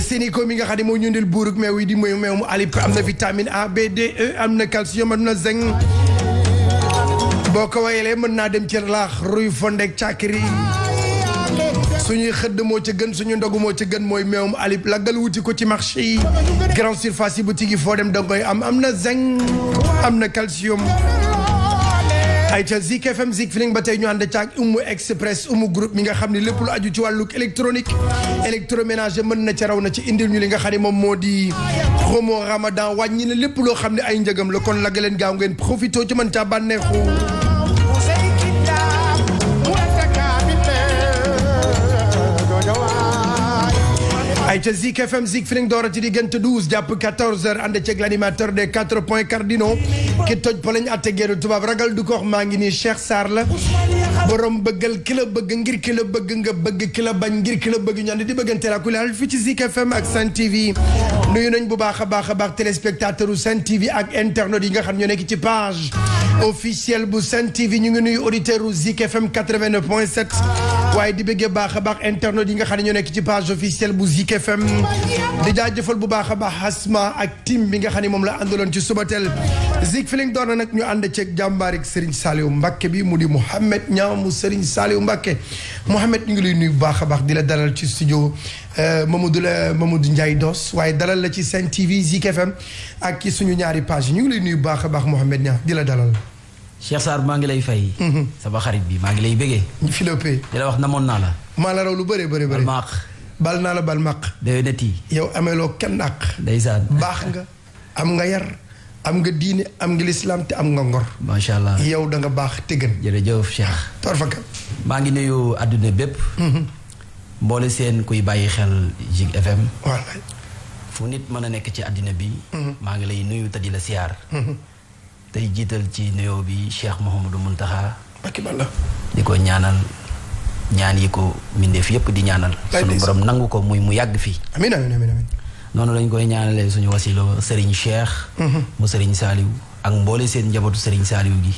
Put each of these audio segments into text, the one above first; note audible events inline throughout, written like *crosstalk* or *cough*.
Sénico mi nga xam ne moo ñu indil buurug meew yi di mooy meew mu alip am na vitamine A B D E am na calcium am na zinc boo ko wayelee mën naa dem ci laax ruy fondek càkkiri suñuy xëdd moo ca gën suñu ndogu moo ca gën mooy mu alib lagal wuti ko ci marché yi grand surface yi boutique yi foo dem da koy am am na zinc am na calcium ay ca Zik FM Zik Feeling ba tey ñu ànd caag Umu Express Umu groupe mi nga xam ne lépp lu aju ci wàllu électronique électroménager mën na ca raw na ci indil ñu li nga xam ne moom moo di promo ramadan wàññi na lépp loo xam ne ay njëgam la kon la leen gaaw ngeen profité ci man caa bànneexu ay ca Zik FM Zik Feeling door ci diggante 12 jàpp 14 heures ànd ceeg l'animateur des quatre points cardinaux ki toj pa lañ atte géeru tubaab ragal du ko wax maa ngi nii Cheikh Sarr la borom bëggal ki la bëgg ngir ki la bëgg nga bëgg ki la bañ ngir ki la bëgg ñu ànd di bëggante la kulaal fii ci Zik FM ak Sen TV nuyu nañ bu baax a baax a baax téléspectateur u Sen TV ak internautes yi nga xam ñoo nekk ci page officiel bu Sen TV ñu ngi nuy auditeurs u FM 89 point 7 waaye di bëggee baax a baax internautes yi nga xam ne ñoo nekk ci page officielle bu Zik FM di jaajëfal bu baax a baax Asma ak team bi nga xam ne moom la àndaloon ci Subatel Zik Feeling doon na nag ñu ànd ceeg jàmbaar ak Serigne Saliou Mbacke bi mu di Mouhamed Niang mu Serigne Saliou Mbacke Mouhamed ñu ngi lay nuyu bu baax a baax di la dalal ci studio. Euh, Mamadou la Mamadou Ndiaye Dos waaye dalal la ci Sen TV Zik FM ak ci suñu ñaari page ñu ngi lay nuyu baax baax Mouhamed Niang di la dalal. Cheikh Sarr maa ngi lay fay. Mhm. sama xarit bi maa ngi lay bëggee. Philippe. di la wax namoon naa la. maa la raw lu bëree bëri bëri. bal naa la bal maq. déwénati. yow ameeloo kenn àq. ndeysaan baax nga am nga yar. am nga diine am nga lislaam te am nga ngor. macha allah yow da nga baax te gën. jërëjëf Cheikh. torfaka. maa ngi nuyu àdduna bépp. Mhm mbolé sen kuy bayyi xel jig fm fu nit mëna nek ci adina bi ma mhm. nga lay nuyu ta di la siyaar mhm. tey jiital ci nuyoo bi cheikh mohamadou muntaha di diko ñaanal ñaan yi ko mbindeef yépp di ñaanal sunu borom nangu ko muy mu yàgg fi amin amin amin. amiin noonu lañ koy ñaanalee suñu wasilo serigne cheikh mhm. mu serigne saliw ak mbolé sen njabootu serigne saliw gi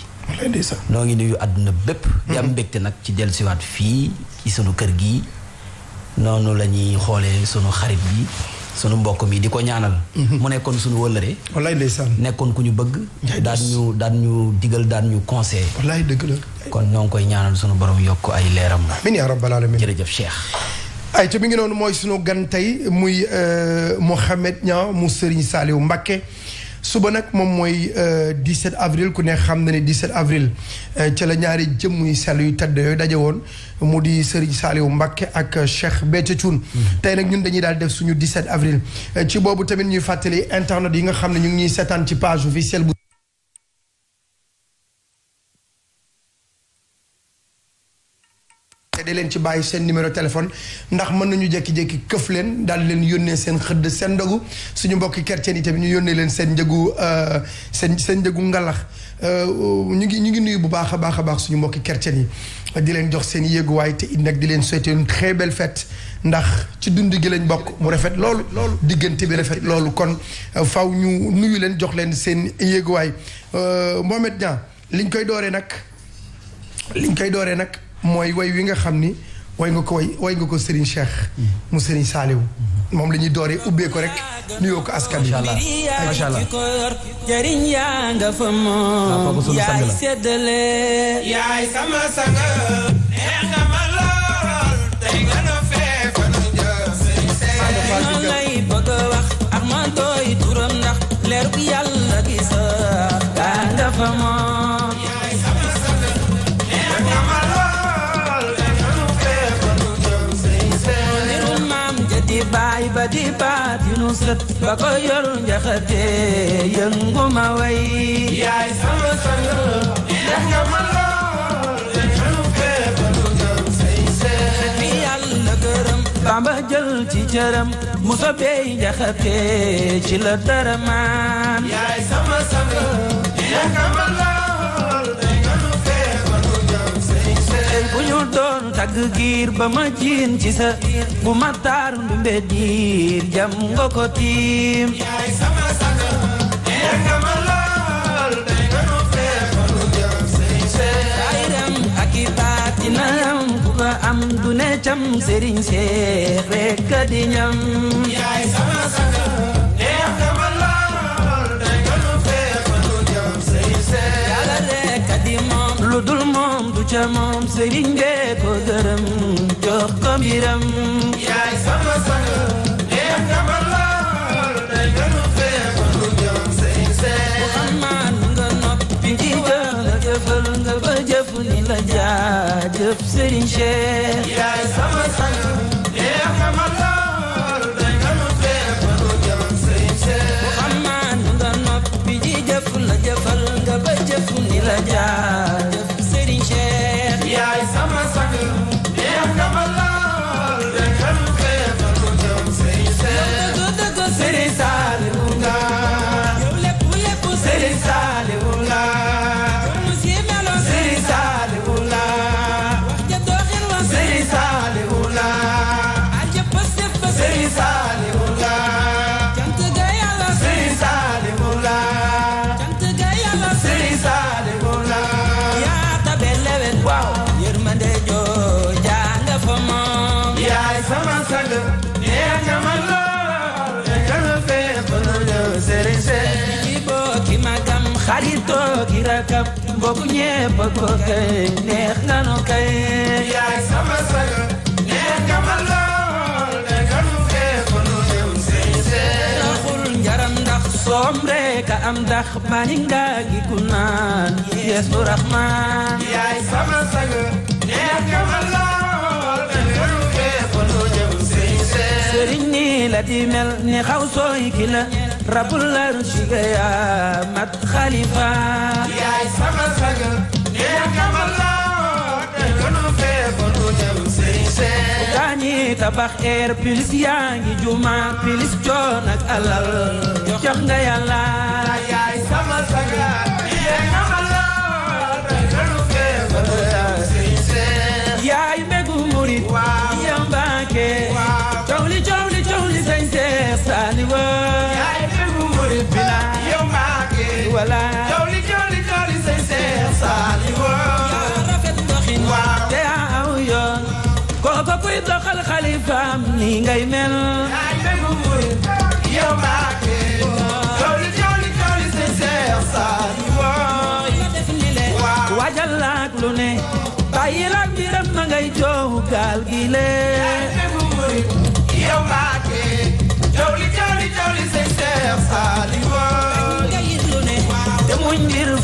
noo ngi nuyu àdduna bépp di am mbégte nag ci dellusiwaat fii ci noonu la ñuy xoolee sunu xarit bi sunu mbokk mi di ko ñaanal. Mhm. mu nekkoon sunu wëllëre. wallaay ndeysaan nekkoon ku ñu bëgg. daan ñu daan ñu digal daan ñu conseil wallaay dëgg kon ñoo ngi koy ñaanal sunu borom yokk ay leeram. amiin yaa rabbal aalamiin jërëjëf Cheikh. ay ca mi ngi noonu mooy sunu gan tey muy euh, Mouhamed Niang mu Serigne Saliou Mbacké. suba nag moom mooy 17 euh, avril ku ne xam na ne 17 avril euh, ca la ñaari jëmm yu sell yu tedd yooyu daje woon mu di Serigne Saliou Mbacké ak Cheikh Béthio Thioune mm-hmm. tey nag ñun dañuy daal def suñu 17 avril euh, ci boobu tamit ñuy fàttali internet yi nga xam ne ñu ngi ñuy seetaan ci page officielle bu di leen ci bàyyi seen numéro téléphone ndax mën nañu jékki-jékki këf leen daal leen yónnee seen xëdd seen ndogu suñu mbokki kerceen yi tamit ñu yónnee leen seen njëgu euh, seen seen njëgu ngalax euh, ñu ngi ñu ngi nuyu bu baax a baax a baax suñu mbokki kerceen yi di leen jox seen yéeguwaay te it nag di leen souhaiter une très belle ndax ci dund gi lañ bokk mu rafet loolu loolu diggante bi rafet loolu kon euh, faw ñu nuyu leen jox leen seen yéeguwaay Mohamed Niang liñ koy dooree nag liñ koy dooree nag mooy way wi nga xam ni way nga ko way way nga ko Serigne Cheikh mu Serigne moom la ñuy dooree ubbee ko rek nuyoo ko askan bi seddale yaay sama sanga neex nga lay bëgg wax ak tooy turam ndax leer bu yàlla gisa yaa nga fa di baat yu nu sët ba ko yor njaxate yëngu ma way yaay sama sang neex nga ma lool te ñu fee ba lu jëm say seet bi yàlla gërëm bamba jël ci jërëm mu sobee njaxate ci la dara maan yaay sama sang neex nga ma lool tagg giir ba ma ci sa bu ma taaru ndumbe diir jam nga tiim yaay sama saga neex nga ma lool day nga nu feefalu jam sey sey ay rem ak i baatinam ku am du cam sëriñ seex rekk di ñam yaay sama saga Türlü durmam, duçamam de kodarım Yokka birem Ya sana sana Neyem kamalar Neyem ufe Konducam seyse Muhammed Ganap Binti dala Gefel Gaba jafun ilaca Jep serinşe Yay sana sana yee bëgg ko kay neex nanu kay yaay sama saga neex nga ma lool te ganu fee ko nu jëm sëysee taxul njaram ndax soom rek a am ndax bani nga ngi ku naan yeesu rahmaan yaay sama saga neex nga ma lool te ganu fee ko nu jëm sëysee sëriñ ni la di mel ni xaw sooy ki la رب الأرش يا مدخلفا يا سما tabax air plus yaa ngi jumaa plus coon ak alal jox nga yàlla mooy doxal xalifaam ni ngay mel yow Mbacké jowli jowli jowli sëñ Seex Saar wooy waajal laak lu ne bàyyi laak biram na ngay joowu gaal gi le yow Mbacké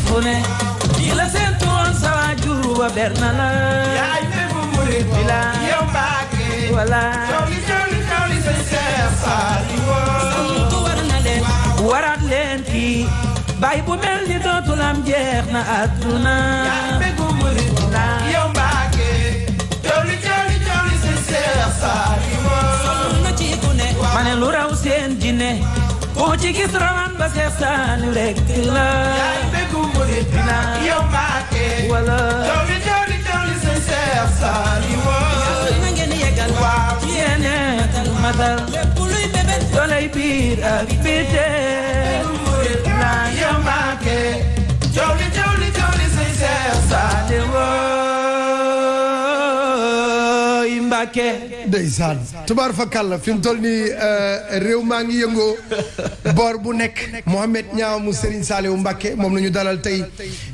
fu ne di la seen turoon sa waajur wa ber la bila wala warat leen kii bay bu mel ni dootul am jeex na àdduna yow Mbàkke jolli jolli jolli seen seex saali woon ma ne lu raw seen jinne ku ci gis rawan ba seex saali rekk la yow Mbàkke wala I'm sorry, ngeen yegal Mbàkke ndeysaan tubaar fa kàll fi mu toll nii euh, réew maa ngi yëngoo boor bu nekk Mohamed Ñaaw mu Serigne Saliou Mbàkke moom la ñu dalal tey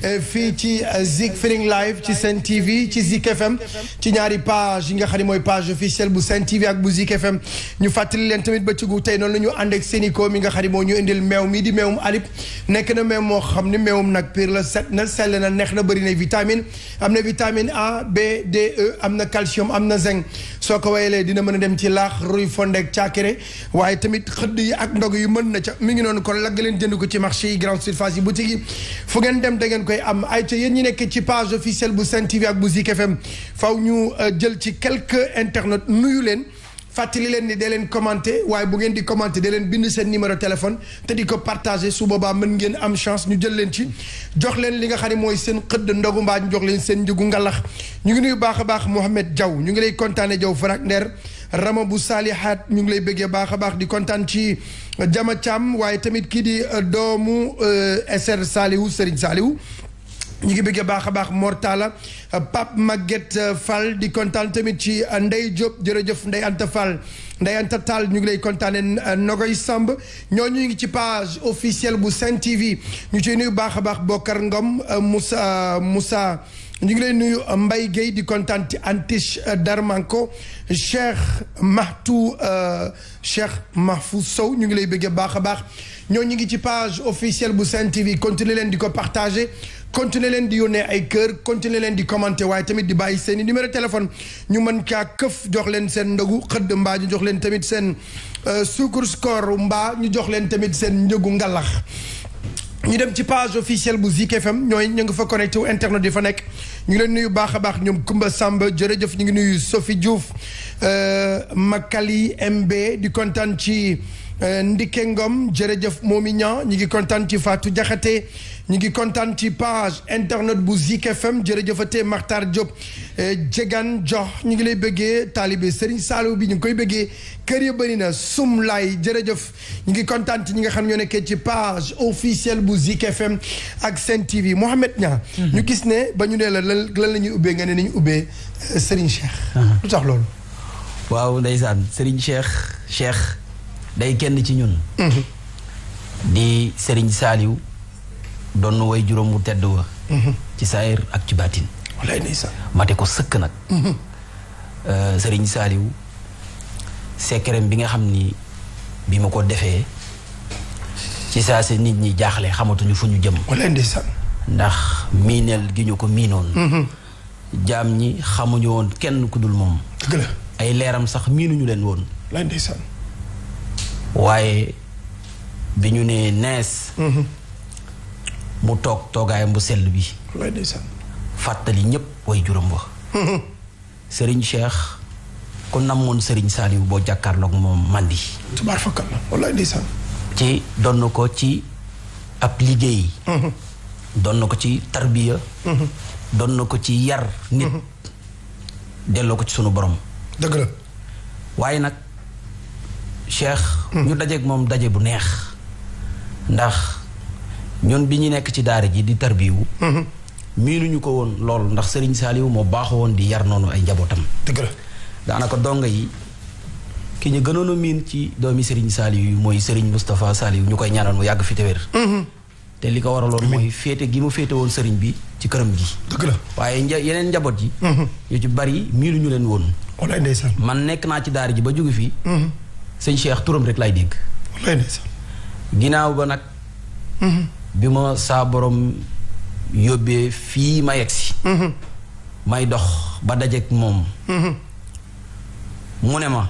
euh, fii ci euh, Zik Feeling Live ci Sen TV ci Zik FM ci ñaari page yi nga xam ne mooy page officielle bu Sen TV ak bu Zik FM ñu fàttali leen tamit bëccëgu tey noonu la ñu ànd ak Sénico mi nga xam ne moo ñu indil meew mii di meewum alib nekk na meew moo xam ne meewum nag piir la set na na neex na bëri na vitamine am na vitamine A B D E am na calcium am na zinc soo ko wayalee dina mën a dem ci laax ruy fondeek caakere waaye tamit xëdd yi ak ndog yi mën na ca mi ngi noonu kon lagg leen jënd ko ci marché yi grande surface yi boutique yi fu ngeen dem da ngeen koy am ay ca yéen ñi nekk ci page officielle bu Sen TV ak bu Zik FM faw ñu euh, jël ci quelques internet nuyu leen fàttali leen ni dee leen commenter waaye bu ngeen di commenter dee leen bind seen numéro téléphone te di ko partager su boobaa mën ngeen am chance ñu jël leen ci jox leen li nga xam ne mooy seen xëdd ndogu ñu jox leen seen njëgu ngalax ñu ngi nuyu baax a baax Mouhamed jaw ñu ngi lay kontaane jaw Farak Nder Rama bu Salihat ñu ngi lay bëggee baax a baax di kontaan ci Jama Thiam waaye tamit kii di euh, doomu euh, SR Salihu Serigne Salihu ñu ngi bëgg baax a baax Mortala pap Maguette Fall di kontaan tamit ci ndey job jërëjëf ndey Anta Fall ndey Anta tal ñu ngi lay kontaanee Nogoy Samb ñoo ñu ngi ci page officielle bu saint TV ñu ci nuyu baax a baax Bokar Ngom Moussa Moussa ñu ngi lay nuyu mbay Gueye di kontaan ci Antiche Darmanko Cheikh Mahtou euh, Cheikh Mahfou Sow ñu ngi lay bëgg baax a baax ñooñu ñu ngi ci page officielle bu saint TV continuer len di ko partager. continuer leen di yónnee ay kër continuer leen di commenter waaye tamit di bàyyi seen i numéro téléphone ñu man kaa këf jox leen seen ndogu xëdd mbaa ñu jox leen tamit seen euh, sucre score mbaa ñu jox leen tamit seen njëgu ngalax ñu dem ci page officielle bu Zik FM ñooy ñu ngi fa connecté wu internet yi fa nekk ñu ngi leen nuyu baaxa baax ñoom Kumba Samba jërëjëf ñu ngi nuyu Sophie Diouf euh, Makali MB di kontaan ci euh, Ndike Ngom jërëjëf Momi Niang ñu ngi kontaan ci Fatou Diakhaté ñu ngi kontaan ci page internet bu Zik FM jërëjëfatee Makhtar Diop e, Jegan jox ñu ngi lay bëggee taalibe Serigne Saliou bi ñu ngi koy bëggee kër ya bëri na sum laay jërëjëf ñu ngi kontaan ci ñi nga xam ñoo nekkee ci page officielle bu Zik FM ak Sen TV Mouhamed Niang mhm. gis ne ba ñu nee la lan la ñuy ubbee nga ne nañu ubbee e, Serigne Cheikh lu tax loolu waaw ndeysaan Serigne Cheikh Cheikh day kenn ci ñun mhm. di Serigne Saliou doon na way juróom wu tedd wa mhm. ci saayir ak ci baatin wallaay mate ko sëkk nag mhm. euh, sëriñ saaliw sekkereem bi nga xam ni bi ma ko defee ci saa si nit ñi jaaxle xamatuñu fu ñu jëm ndax miineel gi ñu ko miinoon mhm. jaam ñi xamuñu woon kenn ku dul moom dëgg ay leeram sax miinuñu leen woon waaye bi ñu nee nees mu tok toogaayam bu sel bi fatali ñep way juróom wax hmm. serigne Cheikh ku namoon saliw Saliou boo mom mandi tubar fakkal wallahi ndeysaan ci donno ko ci hmm. Donno liggéey donn ci tarbiya hmm. ci yar nit Dello ko ci sunu borom deug la waye nak Cheikh ñu ak mom daje bu neex ndax ñun bi ñu nekk ci daara ji di tarbiwu mhm. miinuñu ko won lool ndax serigne saliw mo baax won di yar nonu ay njabootam deug la daanaka donga yi ki ñu gënoon min ci doomi serigne saliw yi mooy sëriñ Moustapha saaliw ñu ñaanal mu yag fi mhm. te li ko gi mu won serigne bi ci kërëm gi deug la waye yeneen njaboot ji mhm. yu ci bari ñu leen won wallaay ndeysaan man nekk na ci daara ji ba joggi fi serigne Cheikh turam rek lay deg wallaay ndeysaan ginaaw ba nak Bima sa borom yobé fi ma mom, may dox ba dajeek moom hmm ne ma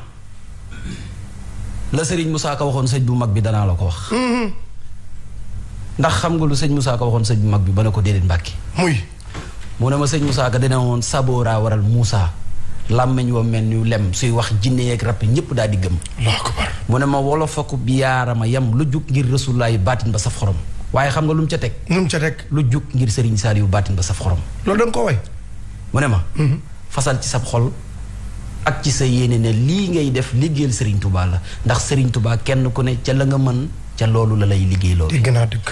la serigne Moussa Ka waxone serigne bu mag bi dana la ko wax mhm. ndax xam nga lu serigne Moussa Ka waxone serigne mag bi banako dedet muy Moussa Ka won sabora waral Moussa lamagn wo mel lem suy wax jinne ak rap ñepp da di gëm mu ne ma wolof biyaarama yam lu juk ngir rasulaay batin ba saf xorom waaye xam nga lu mu ca teg. lu mu ca teg lu jug ngir Serigne Saliou baatin ba saf xorom. loolu da nga ko way. mu ne ma. Mhm. fasal ci sab xol ak ci sa yéene ne lii ngay def liggéeyal Serigne Touba la ndax sëriñ tubaa kenn ku ne ca la nga mën ca loolu la lay liggéey loolu. dégg naa dëgg.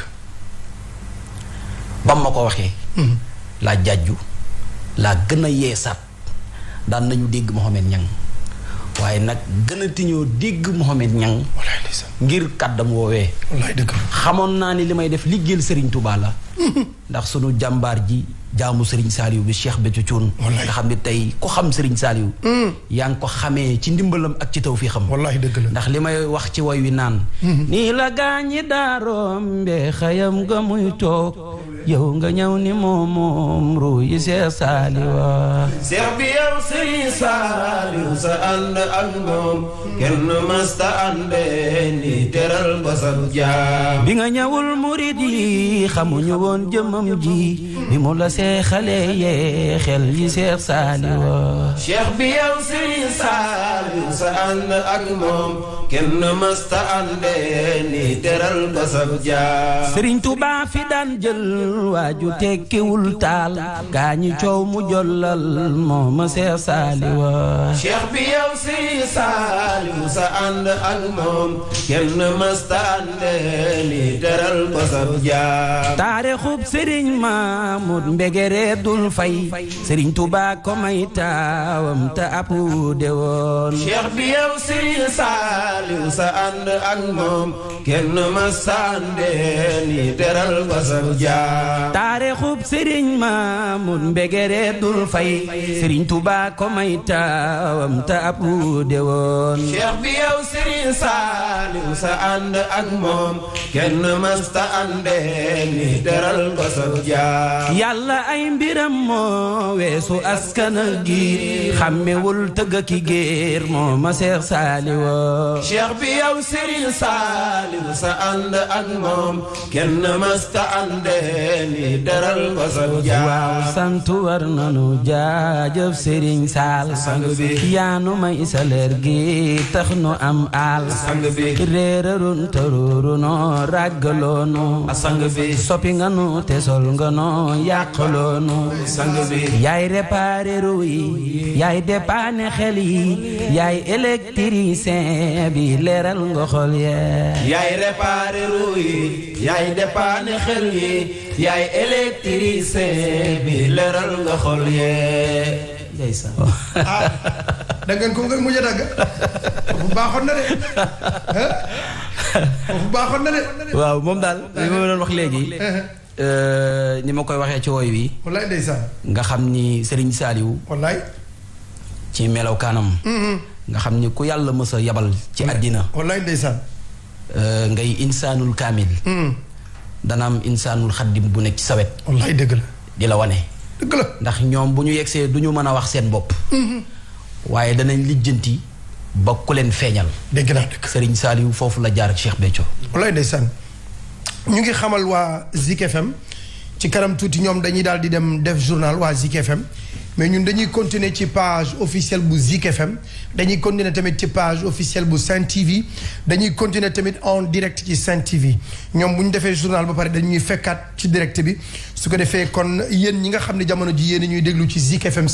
ba ma ko waxee. Mhm. laa jàjju laa gën a yeesaat daan nañu dégg Mouhamed Niang. waaye nag gën dégg Mouhamed Niang ngir kàddam woowee xamoon naa ni li may def liggéeyal Serigne Touba la *laughs* ndax sunu jàmbaar ji jaamu Serigne saliw bi Cheikh betu Thioune nga xam ne tey ku xam Serigne saliw hmm. yang ko xame ci ndimbalam ak ci taw wallahi deug la ndax limay wax ci way wi nan hmm. ni la gañi darom be xayam ga muy tok yow nga ñaw ni moom ru yi Cheikh Saliou Cheikh bi yow Serigne saliw sa and ak moom kenn masta ande ni teral ba sa jaam bi nga ñawul murid yi ñu won jëmam ji bi mo la xale yee xel yi Cheikh Saliou Cheikh bi yow Serigne Saliou sa ànd ak moom kenn mësta àndee ni teral ko sab jaar Serigne Touba fi daan jël waaju tekkiwul taal gaa ñi coow mu jollal mooma Cheikh Saliou Cheikh bi yow Serigne Saliou sa ànd ak moom kenn mësta àndee ni teral ko sab jaar taarixub Serigne Mamoud Mbeg njegere dul fay Serigne Touba ko may taawam te ab wuude woon Cheikh bi yow Serigne Saliou sa ànd ak moom kenn ma sàndeen yi teral ko sa jaam taarixub Serigne Mamoun mbegere dul fay Serigne Touba ko may taawam te ab wuude woon Cheikh bi yow Serigne Saliou sa ànd ak moom kenn ma sàndeen yi teral ko sa jaam yàlla ay mbiram moo weesu askan ak gi xàmmewul tëgg ki géer moo ma Cheikh Saliou Cheikh bi yow Serigne Saliou sa ànd ak moom kenn masta ànde ni daral ko sa jaam waaw war nanu jaajëf Serigne Sall sang bi yaanu may sa leer tax nu am aal sang bi réerarun tëruuru noo ràggaloonu sang bi soppi nga te sol nga noo yàqal loonu sang bi yaay réparé ru yi yaay dépanné xel yi yaay électricien bi leeral nga xol yee yaay réparé ru yi xel yi yaay électricien bi leeral nga xol yee ah, ko ngeen mujj waaw moom daal li ma doon wax Euh, ni ma koy waxee ci woy wi. wallaay ndeysaan. nga xam ni Serigne Saliou. wallaay. ci melaw kaanam. Mm-hmm. nga xam ni ku yàlla mës a yabal. ci mm-hmm. àddina wallaay ndeysaan. Euh, ngay insaanul kaamil. Mm-hmm. dana am insaanul xaddim bu nekk ci sawet wallaay dëgg la. di la wane. dëgg la ndax ñoom bu ñu yegsee du ñu mën a wax seen bopp. waaye danañ lijjanti ba ku leen feeñal. dëgg la dëgg Serigne Saliou foofu la jaar ak Cheikh Béthio. wallaay ndeysaan. ñu ngi xamal waa Zik ci kanam tuuti ñoom dañuy daal di dem def journal waa Zik mais ñun dañuy continuer ci page officielle bu Zik FM dañuy continuer tamit ci page officielle bu Sen TV dañuy continuer tamit en direct ci Sen TV ñoom bu ñu defee journal ba pare dañuy fekkaat ci direct bi su ko defee kon yéen ñi nga xam ne jamono ji yéen ñuy déglu ci Zik FM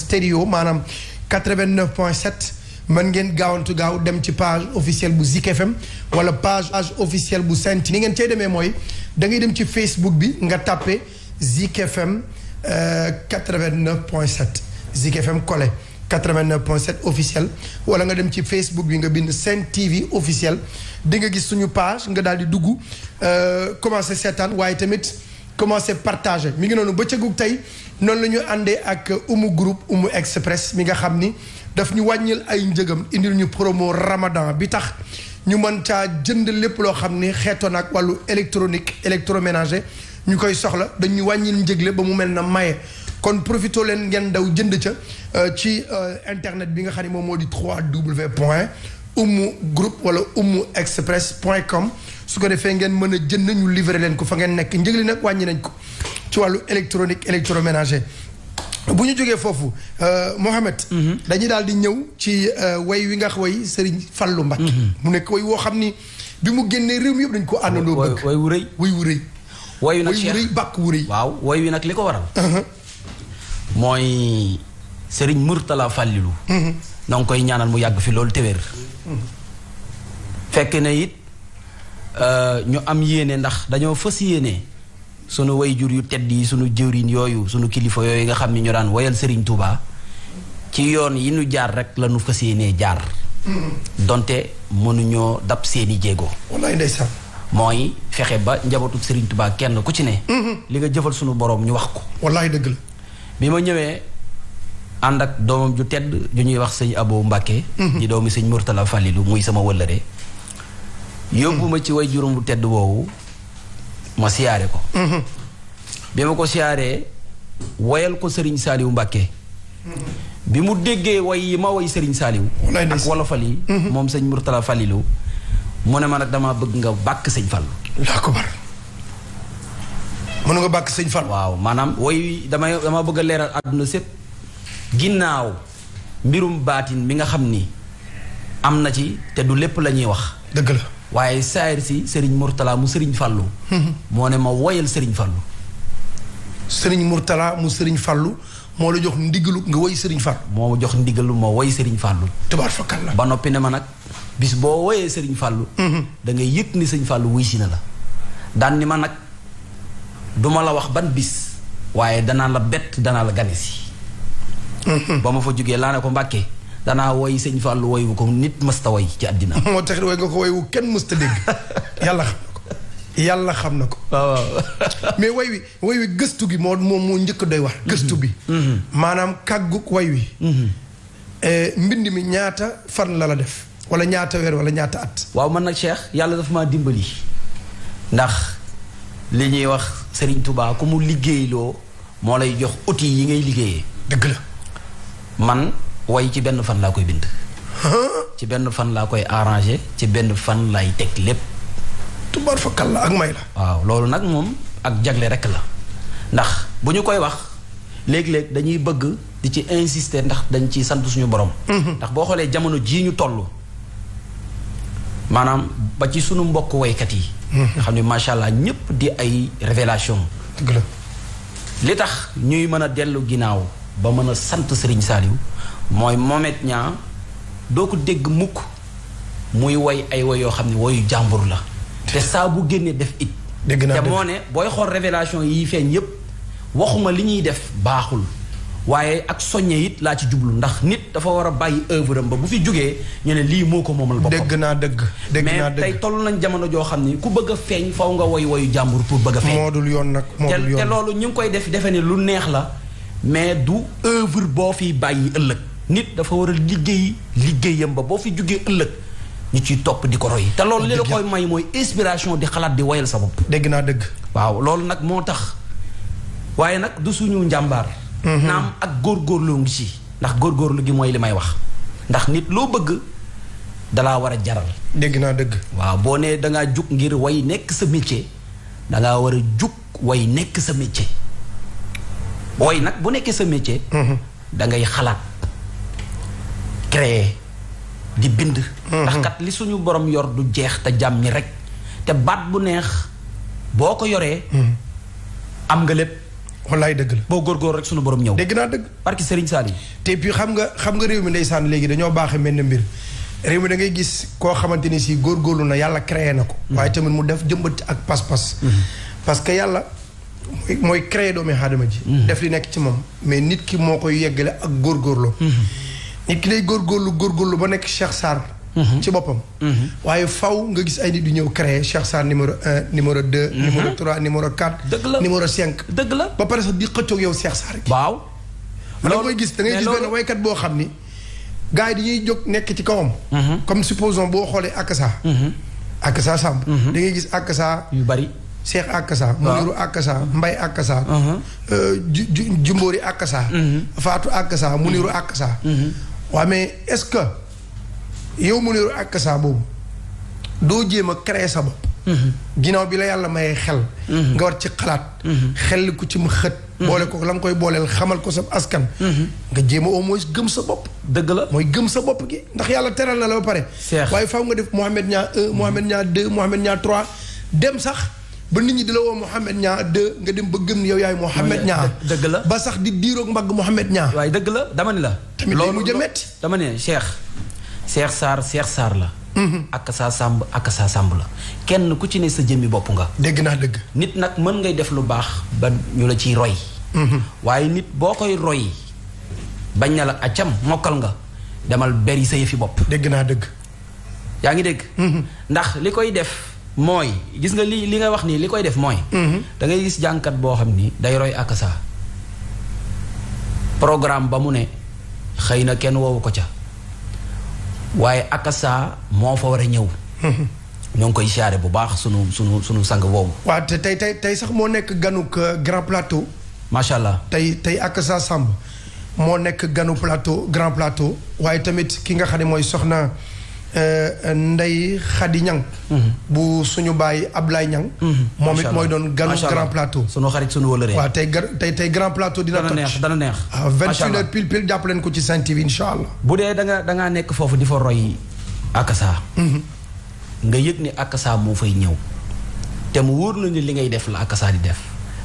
maanaam 89.7. man ngeen gaawantu gaaw dem ci page officielle bu Zik FM wala page officielle bu Sen TV ni ngeen cee demee mooy da ngay dem ci Facebook bi nga tàppe Zik FM 89.7 euh, Zik FM collé 89.7 officiel wala nga dem ci Facebook bi nga bind Sen TV officiel di nga gis suñu page nga daal di dugg euh, commencé seetaan waaye tamit commencé partagé mi ngi noonu bëccëgu tey. noonu la ñu àndee ak umu groupe umu express mi nga xam ni daf ñu wàññil ay njëgam indil ñu promo ramadan bi tax ñu mën caa jënd lépp loo xam ni xeetoon ak wàllu électronique électroménager ñu koy soxla dañu wàññil njëgle ba mu mel na maye kon profito leen ngeen daw jënd ca euh, ci euh, internet bi nga xam ne moom moo di 3w point umu groupe wala umu express point comme su ko defee ngeen mën a jënd ñu livrer leen ko fa ngeen nekk njëgli nag wàññi nañ ko Tu vois l'électronique électroménager bu ñu fofu euh Mohamed. Mhm. dañuy daal di ci euh, way wi nga Serigne fallu mhm. mu way wo xamni bi mu génné réew mi dañ ko bëgg way wu way wu Oui, way Cheikh way Oui, way wi waral. Uh-huh. Serigne uh-huh. koy ñaanal mu fi uh-huh. fekk euh, ñu am ndax sunu jur yu tedd yi sunu jëwriñ yooyu sunu kilifa yooyu nga xam ni ñu daan woyal Serigne Touba ci yoon yi nu jaar rek la nu fas jaar. Mm-hmm. donte mënuñoo dab seeni jéego. wallaay mooy fexe ba njabootu Serigne tubaa kenn ku ci ne. Mm-hmm. li nga jëfal sunu borom ñu wax ko. wallaay dëgg la. bi ma ñëwee ànd ak doomam ju tedd ju ñuy wax sëñ Abo Mbacke. Mm-hmm. di doomi sëñ Mourtala Falilou muy sama wëllëre. yóbbu ci way juróom bu tedd woowu. ma siyaare ko mhm. bi ma ko siyaaree woyal ko sëriñ saaliw mbàkke bi mu déggee way yi ma woy sëriñ saaliw ak wolofal mhm. moom sëñ murtala falilu mu ne ma nag dama bëgg nga bàkk sëñ fallu laa ko sëñ fallu waaw maanaam woy damay dama bëgg a leeral àdduna sépp ginnaaw mbirum baatin mi nga xam ni am na ci te du lépp lañuy wax dëgg la waaye saayir si Serigne Mourtala mu Serigne Fallou. *laughs* moo ne ma woyal Serigne Fallou. Serigne Mourtala mu Serigne Fallou moo la jox ndigalu nga woy Serigne Fallou. moo jox ndigalu ma woy Serigne fàllu tabaarkalla ba noppi ne ma nag bis boo woyee Serigne Fallou. Mm-hmm. da ngay yëg ni Serigne fàllu wuy si na la. daan ni ma nag duma la wax ban bis waaye danaa la bett danaa la gane si. Mm-hmm. ba ma fa jógee laa ne ko Mbàkke danaa woy sëñ fàll woy wu ko nit mësta woy ci àddina *laughs* moo taxit woy nga ko woy wu kenn mësta dégg *laughs* yàlla xam na ko yàlla xam na ko *laughs* mais woy woy wi gëstu gi moo moom moo njëkk doy wax gëstu bi mm-hmm. Mm-hmm. maanaam kàggug woy wi mm-hmm. eh, mbind mi ñaata fan la la def wala ñaata weer wala ñaata at waaw man nag Cheikh yàlla dafa maa dimbali ndax li ñuy wax sëriñ tubaa ku mu liggéeyloo moo lay jox outils yi ngay liggéeyee dëgg la way ci benn fan laa koy bind. ci benn fan laa koy arrangé ci benn fan laay teg lépp. tubaar fakkal la ak may la. waaw loolu nag moom ak jagle rek la ndax bu ñu koy wax léeg-léeg dañuy bëgg di ci insister ndax dañ ci sant suñu borom. Mhm. ndax boo xoolee jamono jii ñu toll. maanaam ba ci sunu mbokk woykat yi. Mhm. nga xam ne macha allah ñëpp di ay révélation li tax ñuy mën a dellu ginnaaw ba mën a sant Serigne Saliou mooy Momet ñaa doo ko dégg mukk muy woy ay woy yoo xam ne woyu jàmbur la te saa bu génnee def it dégg naa te moo ne booy xool révélation yi feeñ yépp waxuma li ñuy def baaxul waaye ak soññe it laa ci jublu ndax nit dafa war a bàyyi œuvre ba bu fi jógee ñu ne lii moo ko moomal boppam dégg dégg naa dëgg mais tey toll nañ jamono joo xam ne ku bëgg a feeñ faw nga woy woyu jàmbur pour bëgg a feeñ yoon nag moo te loolu ñu ngi koy def defe ne lu neex la mais du œuvre boo fiy bàyyi ëllëg nit dafa war a liggéey liggéeyam ba boo fi jugee ëllëg ñu ciy topp di ko roy te loolu li la koy may mooy inspiration di xalaat di woyal sa bopp dégg naa dëgg waaw loolu nag moo tax waaye nag du suñu njàmbaar mhm. naam ak góor góorgóorlu ngi ci ndax góorgóorlu gi mooy li may wax ndax nit loo bëgg dalaa war a jaral dégg naa dëgg waaw boo nee dangaa jug ngir way nekk sa métier dangaa war a jug way nekk sa métier way nag bu nekkee sa métier mhm. dangay xalaat créer di bind. Mm-hmm. ndax kat li suñu borom yor du jeex te jàmm ñi rek te baat bu neex boo ko yoree. Mm-hmm. am nga lépp. wallaay dëgg la boo góorgóor rek suñu borom ñëw. dégg naa dëgg. barki Serigne yi te puis xam nga xam nga réew mi ndeysaan léegi dañoo baaxee mel ni mbir réew mi da ngay gis koo xamante ni si góorlu na yàlla créé na ko. Mm-hmm. waaye tamit mu def jëmbat ak pas-pas. parce que yàlla mooy mooy créé doomi aadama ji. def li nekk ci moom mais nit ki moo koy yeggale ak góorgóorloo. nit ki day góorgóorlu góorgóorlu ba nekk Cheikh Sarr. Mhm. ci boppam. Mhm. waaye faw nga gis ay nit yu ñëw créer Cheikh Sarr numéro un numéro deux. Mhm. numéro trois numéro quatre. dëgg la numéro cinq. dëgg la ba pare sax di xëccoog yow Cheikh Sarr. waaw loolu da ngay gis da ngay gis benn waykat boo xam ni. gars yi dañuy jóg nekk ci kawam. comme supposons boo xoolee Akassa. Akassa Samb. da ngay gis Akassa. yu bari Cheikh Akassa. waaw Muniru Akassa Mbay Akassa. Euh, ju ju Jumbori Akassa. Fatou Akassa Muniru Akassa. waa mais est-ce que yow mu niru ak saa boobu doo jéem a créer sa bopp. Mm-hmm. ginnaaw bi la yàlla mayee xel. Mm-hmm. nga war ci xalaat. Mm-hmm. xel ku ci mu xët. boole ko la nga koy booleel xamal ko sa askan. nga jéem a au moins gëm sa bopp. dëgg la mooy gëm sa bopp gi ndax yàlla teral na la ba pare. waaye faaw nga def Mohamed ñaa un Mohamed ñaa deux Mohamed ñaa trois dem sax. ba nit ñi di la woo Mouhamed Niang de nga dem ba gëm yow yaay Mouhamed oh, iya. Niang dëgg la ba sax di diiroog mbagg Mouhamed Niang waaye dëgg la dama ni la tamit loolu mu jëmetti dama ne Cheikh Cheikh sar Cheikh sar la mhm. ak sa ak sa la kenn ku ci ne sa jëmmi bopp nga dégg nit nak mën ngay def lu baax ba ñu la roy mhm. waaye nit boo koy roy bañ na la acam mokkal nga demal beri sa yëfi bopp dégg naa dëgg yaa ngi dégg mhm. ndax li koy def mooy gis nga li li nga wax nii li koy def mooy. Mhm. da ngay gis jànkat boo xam ni day roy akasa programme ba mu ne xëy na kenn woowu ko ca waaye akasa moo fa war a ñëw. Mhm. ñoo ngi koy siyaare bu baax sunu sunu sunu sang woowu waaw te tey tey sax moo nekk ganu euh, grand plateau. macha allah tey tey akasa Samb moo nekk ganu plateau grand plateau waaye tamit ki nga xam ne mooy soxna. Euh, Ndeye Khady Niang mhm. bu suñu baay Ablaye Niang mhm. moom it mooy doon ganu grand plateau sunu xarit sunu wëlëree waaw tey tey tey grand plateau dina neex dana neex waaw vingt et une heures jàpp leen ko ci Sen TV insha allah bu dee danga nga da nekk foofu di fa roy akasa mhm. nga yëg ni akasa moo fay ñëw te mu wóor na li ngay def la akasa di def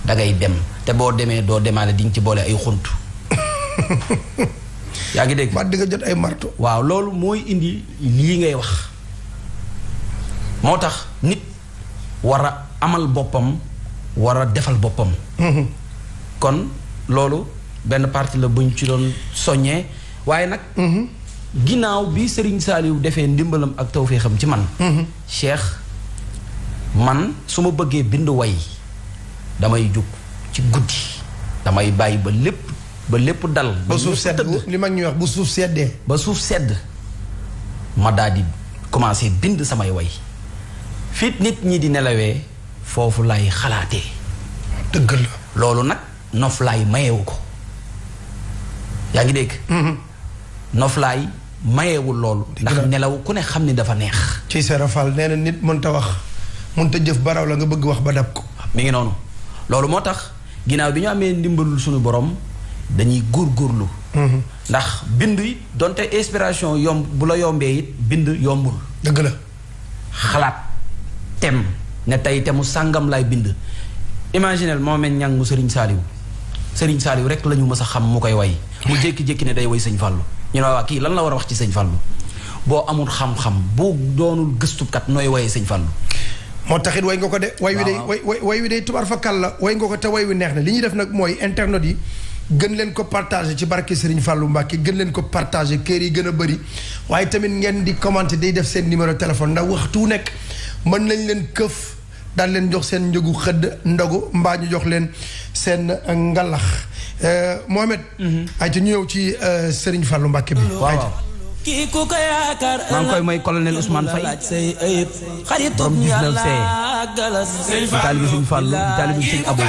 da ngay dem te boo demee doo demaale di nga ci boolee ay xunt *laughs* yaa ngi dégg. mbaa nga jot ay marto. waaw lolou moy indi li ngay wax motax nit wara amal bopam wara defal bopam. Mhm. kon lolou ben parti la buñ ci doon soññee waaye mhm. ginaaw bi Serigne saliw defé ndimbalam ak tawfiixam ci man. Mhm. Cheikh man suma bëggé bindu wae. way damay juk ci guddi damay ba lepp ba lepp dal. ba suuf sedd li mag ñu wax bu suuf sedd ba suuf sedd ma daal di commencé bind sama way fit nit ñi di nelawé fofu lay xalaatee. dëgg la loolu nag noflaay mayewu ko yaa ngi dégg. Mm-hmm. lay mayewul lolu ndax nelaw ku ne xamni dafa neex. ci serafal nee na nit ta wax mën ta jëf baraw la nga bëgg wax ba dab ko. mi ngi noonu lolu motax ginaaw ginnaaw bi ñu amee ndimbalul suñu borom. dañuy góorgóorlu. Mhm. ndax bind donte inspiration yomb bu la yombee it bind yombul. dëgg la. xalaat tem ne tey temu sàngam laay bind. imaginel moo mel ñang mu sëriñ Saliou Serigne Saliou rek la ñu mës a xam mu koy way mu jékki-jékki ne day way sëñ Fallou ñu ne waa kii lan la war a wax ci sëñ Fallou boo amul xam-xam boo doonul gëstukat nooy waye sëñ Fallou. moo taxit way nga ko de. way wi de way wi de tubaar fa kàll la way nga ko te way wi neex na li ñuy def nag mooy internet yi. gën leen ko partagé ci barke Serigne Fallou Mbacke gën leen ko partagé kër yi gën a bëri waaye tamit ngeen di commenté day def seen numéro téléphone ndax waxtu nekk mën nañ leen këf daal leen jox seen njëgu xëdd ndogu mbaa ñu jox leen seen ngalax euh, Mohamed. Mhm. ay ñu ñëw ci euh, Serigne Fallou Mbacke bi. waaw kii ku ko yaakaar maa ngi koy mooy colonel Ousmane Faye borom 19 see di taalibi suñ Fàllu di taalibi suñ Abo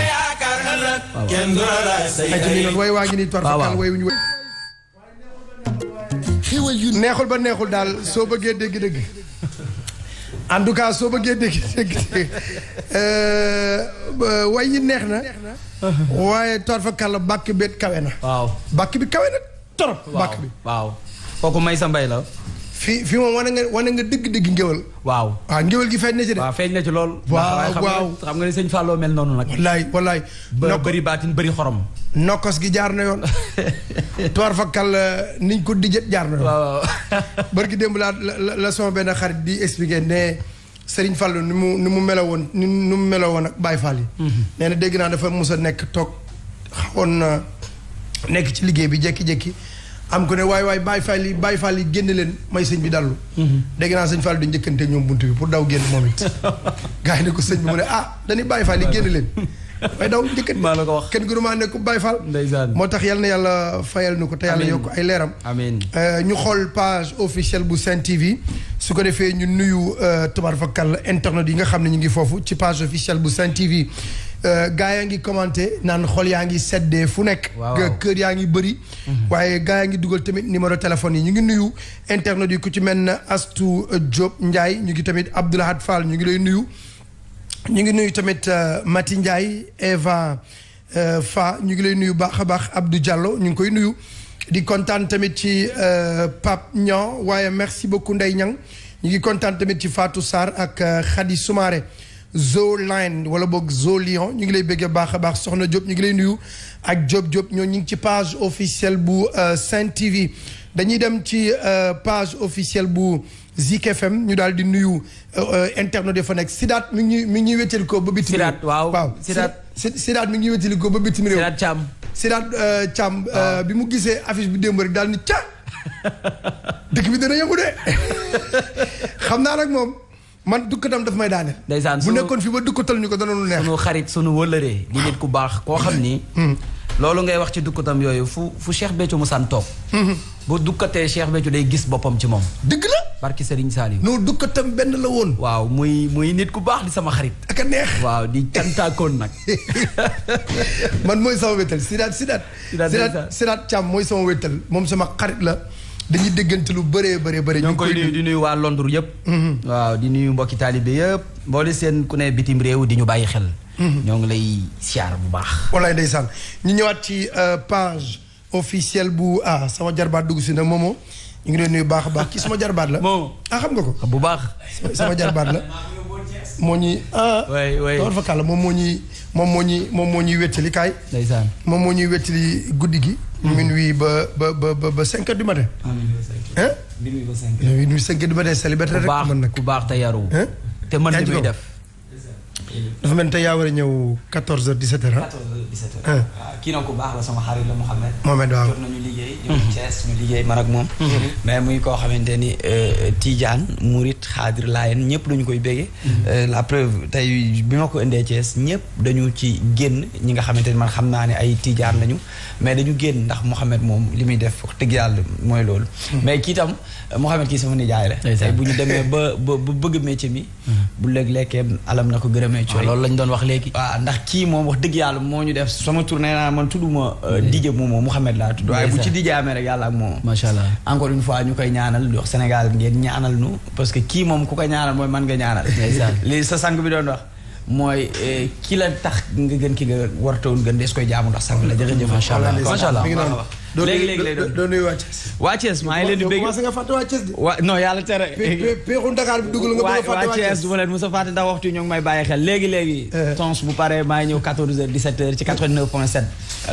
waaw waaw xiiwal yu neexul ba neexul daal soo bëggee dégg-dégg en tout cas soo bëggee dégg dégg euh, way yi neex na uh-huh. waaye tor fa kàlla bàkk bi kawe na waaw bàkk bi kawe na torop bàkk bi waaw may sa Mbaye la. fii fi moom wane nga wane nga dëgg-dëgg ngéwal waaw waaw ah, ngéwal gi feeñ na ci de. feeñ na ci lool. waaw waaw xam nga ne sëñ Fallou mel noonu nag. wallaay wallaay. ba bëri baatin bari xorom. nokkos gi jaar na yoon. *laughs* tuwaar fakkal euh, niñ ko dijjat jaar na yoon. waaw *laughs* barki démb laa la la sama benn xarit di expliqué ne sëriñ Fallou ni mu ni mu meloo woon ni mu meloo woon ak baay Fall yi. Mhm. nee dégg naa dafa mus a nekk toog xawoon na nekk ci liggéey bi jékki-jékki. am ko ne waaye waaye Baye Fall yi Baye Fall yi génn leen may sëñ bi dallu mhm. dégg naa sëñ Fall du njëkkante ñoom bunt bi pour daw génn moom it *laughs* yi ne ko sëñ bi mu ne ah dañuy Baye Fall yi génn leen may daw njëkkante *laughs* la ko wax kenn gënumaa ne ku Baye Fall ndeysaan moo tax yal na yàlla fayal nu ko te yàlla yokk ay leeram amiin euh, ñu xool page officielle bu Sen TV su ko defee ñu nuyu euh, tubaar fakkal internet yi nga xam ne ñu ngi foofu ci page officielle bu Sen TV Euh, gaa yaa ngi commenté naan xol yaa ngi seddee fu nekk. kër yaa ngi bëri. Mhm. waaye gaa yaa ngi dugal tamit numéro téléphone yi ñu ngi nuyu. internet yi ku ci mel ne Astou Diop Ndiaye ñu ngi tamit Abdoulahad Fall ñu ngi lay nuyu. ñu ngi nuyu tamit euh, Mati Ndiaye Eva euh, Fa ñu ngi lay nuyu baax a baax Abdou Diallo ñu ngi koy nuyu. di kontaan tamit ci Pape Niang waaye merci beaucoup Ndeye Niang ñu ngi kontaan tamit ci faatu Sarr ak Khady Soumaré. Zoline wala boog lion ñu ngi lay bëgg baax a baax soxna Diop ñu ngi lay nuyu ak Diop Diop ñoo ñu ngi ci page officielle bu euh, Sen TV dañuy dem ci euh, page officielle bu Zik FM ñu daal di nuyu euh, internet fa nekk Sidaat mi ngi mi ñuy wétali ko ba bitim mi Sidaat waaw Sidaat Sidaat mi ngi ñuy wétali ko ba bitim réew. Sidaat Thiam Sidaat Thiam bi mu gisee affiche bi démb rek daal ni ca *laughs* dëkk bi dana yëngu de *laughs* xam naa nag moom. man dukkatam daf may daane. ndaysan bu nekkon fi ba tal ñu ko danoonu neex. sunu xarit sunu wëlëree di nit ku baax ko xamni hmm. lolu ngay wax ci tam yoyu fu fu Cheikh Béthio musan toog. Hmm. bu dukkatee Cheikh Béthio day gis bopam ci mom deug la. barki Serigne du ko tam ben la won waaw muy muy nit ku baax di sama xarit. ak neex. waaw di kon nak *laughs* man moy sama wétal sidat sidat sidat sidat cham moy sama wétal mom sama xarit la. dañuy déggante lu bëree bëri bëri. ñu ngi koy nuyu di waa Londres yëpp. Mm-hmm. waaw di nuyu mbokki taalibe yëpp. mboole seen ku ne bitim réew di ñu bàyyi xel. Mm-hmm. ñoo ngi lay siyaar bu baax. walaay ndeysaan ñu ñëwaat ci euh, page officielle bu ah sama jarbaat dugg si nag moomoo ñu ngi leen nuyu baax a baax ci sama jarbaat la. moom ah xam nga ko. bu baax sama jarbaat la. *laughs* moo ñuy ah. waay waay fa moom moo ñuy moom moo ñuy moom moo ñuy wéttali kaay. ndeysaan moom moo ñuy wéttali guddi gi. mu mm. minuit ba ba ba ba cinq heures du matin. Ah, minuit ba cinq heures du matin célibataire rek. ku baax ku baax te yaru te mën li muy def. dafa mel tey yaa war a ñëw 14h 17h ah. 14h 17h. waaw kii na ko baax la sama xarit la Mouhamed. Mouhamed waaw mhm. moom. Mhm. mais muy koo xamante ni euh, Tidiane Mouride Xaadir Laayeen ñëpp dañu koy bége. Mhm. Euh, la preuve tey bi ma ko indee Thiès ñëpp dañu ci génn ñi nga xamante ni man xam naa ne ay tiijaan lañu mais dañu génn ndax Mouhamed moom li muy def wax dëgg yàlla mooy loolu. mais kii tam Mouhamed kii sama nijaay la. tey bu ñu demee ba ba bëgg métier mi. bu léeg-léeg alam na ko gërëmee amee cooy ah, loolu lañ doon wax léegi waaw ah, ndax kii moom wax dëgg yàlla moo ñu def sama tournée naa man tudduma euh, mm. Dj Momo Mouhamed laa tudd waaye bu ci Dj amee rek yàlla ak moom macha allah encore une fois ñu koy ñaanal wax Sénégal ngeen ñaanal nu parce que kii moom ku ko ñaanal mooy man nga ñaanal *laughs* li sa sang bi doon wax mooy euh, ki la tax nga gën ki nga wartoon gën des koy jaamu ndax sang la jërëjëf macha allah macha allah léegi-léegi lay doon doo nuyu waa Thiès waa ngi leen di bëgg commencé nga fàtte waa Thiès de waa non yàlla tere péexu Dakar bi dugal nga bëgg a fàtte ma leen mos a ndax waxtu yi may bàyyi xel léegi-léegi eh. tons bu paree maa ngi ñëw 14 heures 17 heures ci 89 point 7